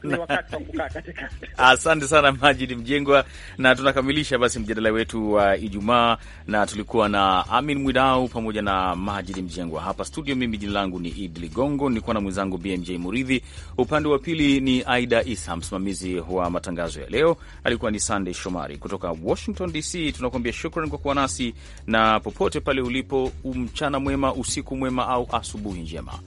asante sana Majid Mjengwa, na tunakamilisha basi mjadala wetu wa uh, Ijumaa, na tulikuwa na Amin Mwidau pamoja na Majid Mjengwa hapa studio. Mimi jina langu ni Idi Ligongo, nilikuwa na mwenzangu BMJ Muridhi, upande wa pili ni Aida Isa, msimamizi wa matangazo ya leo alikuwa ni Sandey Shomari kutoka Washington DC. Tunakuambia shukran kwa kuwa nasi nasi, na popote pale ulipo, mchana mwema, usiku mwema au asubuhi njema.